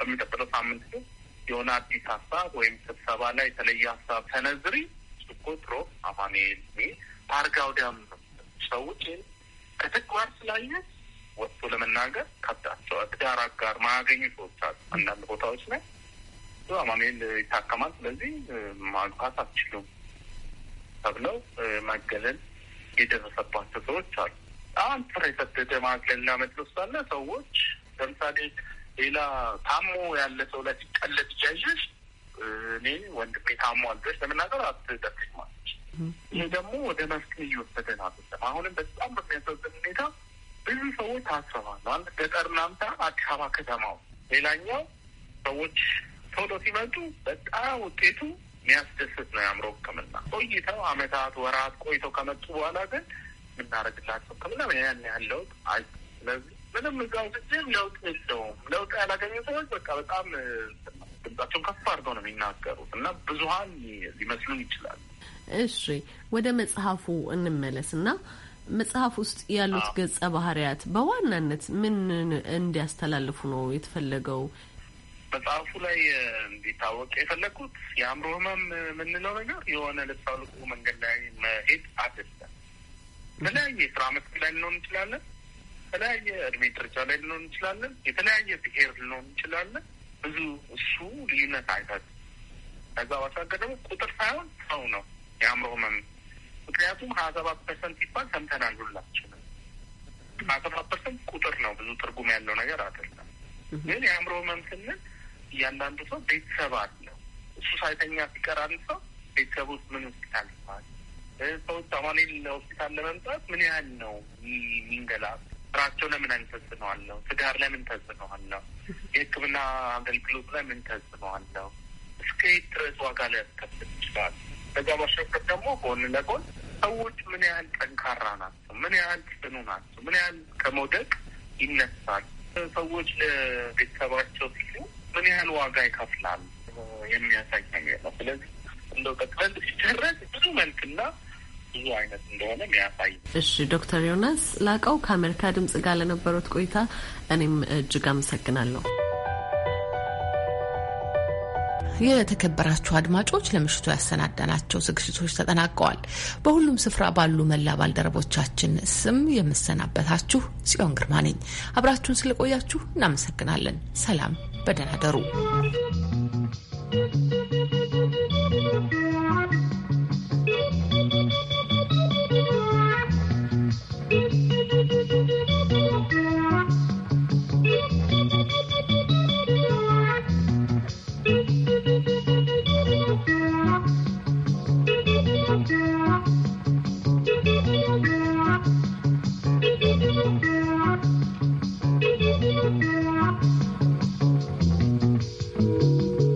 በሚቀጥለው ሳምንት ግን የሆነ አዲስ ሀሳብ ወይም ስብሰባ ላይ የተለየ ሀሳብ ተነዝሪ ስኮ ትሮ አማኑኤል አርጋው ደም ሰዎች ከተግባር ስላየ ወጥቶ ለመናገር ከብዳቸው ትዳር አጋር ማያገኙ ሰዎች አሉ። አንዳንድ ቦታዎች ላይ አማኑኤል ይታከማል፣ ስለዚህ ማግባት አትችሉም ተብለው መገለል የደረሰባቸው ሰዎች አሉ። አሁን ስራ የሰደደ ማግለልና መድረስ ሳለ ሰዎች ለምሳሌ ሌላ ታሞ ያለ ሰው ላይ ሲቀለድ እያየሽ እኔ ወንድሜ ታሞ አልበሽ ለምናገር አትደፍሪም ማለች። ይሄ ደግሞ ወደ መፍትሄ እየወሰደን አይደለም። አሁንም በጣም በሚያሳዝን ሁኔታ ብዙ ሰዎች ታስረዋል። አንድ ገጠር ናምታ አዲስ አበባ ከተማው ሌላኛው ሰዎች ቶሎ ሲመጡ በጣም ውጤቱ የሚያስደስት ነው የአእምሮ ሕክምና ቆይተው አመታት ወራት ቆይተው ከመጡ በኋላ ግን የምናደርግላቸው ሕክምና ያን ያህል ለውጥ አይ ስለዚህ ምንም እዛው ስጅም ለውጥ የለውም። ለውጥ ያላገኙ ሰዎች በቃ በጣም ድምጻቸውን ከፍ አድርገው ነው የሚናገሩት እና ብዙሀን ሊመስሉን ይችላል። እሺ ወደ መጽሐፉ እንመለስና መጽሐፍ ውስጥ ያሉት ገጸ ባህሪያት በዋናነት ምን እንዲያስተላልፉ ነው የተፈለገው? መጽሐፉ ላይ እንዲታወቅ የፈለግኩት የአእምሮ ህመም የምንለው ነገር የሆነ ልታውልቁ መንገድ ላይ መሄድ አይደለም። የተለያየ የስራ መስክ ላይ ልንሆን እንችላለን። የተለያየ እድሜ ደረጃ ላይ ልንሆን እንችላለን። የተለያየ ብሄር ልንሆን እንችላለን። ብዙ እሱ ልዩነት አይታት ከዛ ባሻገር ደግሞ ቁጥር ሳይሆን ሰው ነው የአእምሮ ህመም። ምክንያቱም ሀያ ሰባት ፐርሰንት ሲባል ሰምተናል ሁላችንም። ሀያ ሰባት ፐርሰንት ቁጥር ነው፣ ብዙ ትርጉም ያለው ነገር አይደለም። ግን የአእምሮ ህመም ስንል እያንዳንዱ ሰው ቤተሰብ አለው። እሱ ሳይተኛ ሲቀር አንድ ሰው ቤተሰብ ውስጥ ምን ሆስፒታል ይባል ሰው አማኔል ለሆስፒታል ለመምጣት ምን ያህል ነው ሚንገላ ስራቸው ለምን ተጽዕኖዋለሁ? ትዳር ለምን ተጽዕኖዋለሁ? የህክምና አገልግሎት ላይ ምን ተጽዕኖዋለሁ? እስከ የት ድረስ ዋጋ ሊያስከፍል ይችላል? በዛ ባሻገር ደግሞ ጎን ለጎን ሰዎች ምን ያህል ጠንካራ ናቸው? ምን ያህል ጽኑ ናቸው? ምን ያህል ከመውደቅ ይነሳል? ሰዎች ለቤተሰባቸው ሲሉ ምን ያህል ዋጋ ይከፍላል የሚያሳይ ነገር ነው። ስለዚህ እንደው ጠቅለል ሲደረግ ብዙ መልክና ብዙ አይነት እንደሆነ የሚያሳይ እሺ። ዶክተር ዮናስ ላቀው ከአሜሪካ ድምጽ ጋር ለነበሩት ቆይታ እኔም እጅግ አመሰግናለሁ። የተከበራችሁ አድማጮች ለምሽቱ ያሰናዳናቸው ዝግጅቶች ተጠናቀዋል። በሁሉም ስፍራ ባሉ መላ ባልደረቦቻችን ስም የምሰናበታችሁ ጽዮን ግርማ ነኝ። አብራችሁን ስለቆያችሁ እናመሰግናለን። ሰላም በደህና ደሩ።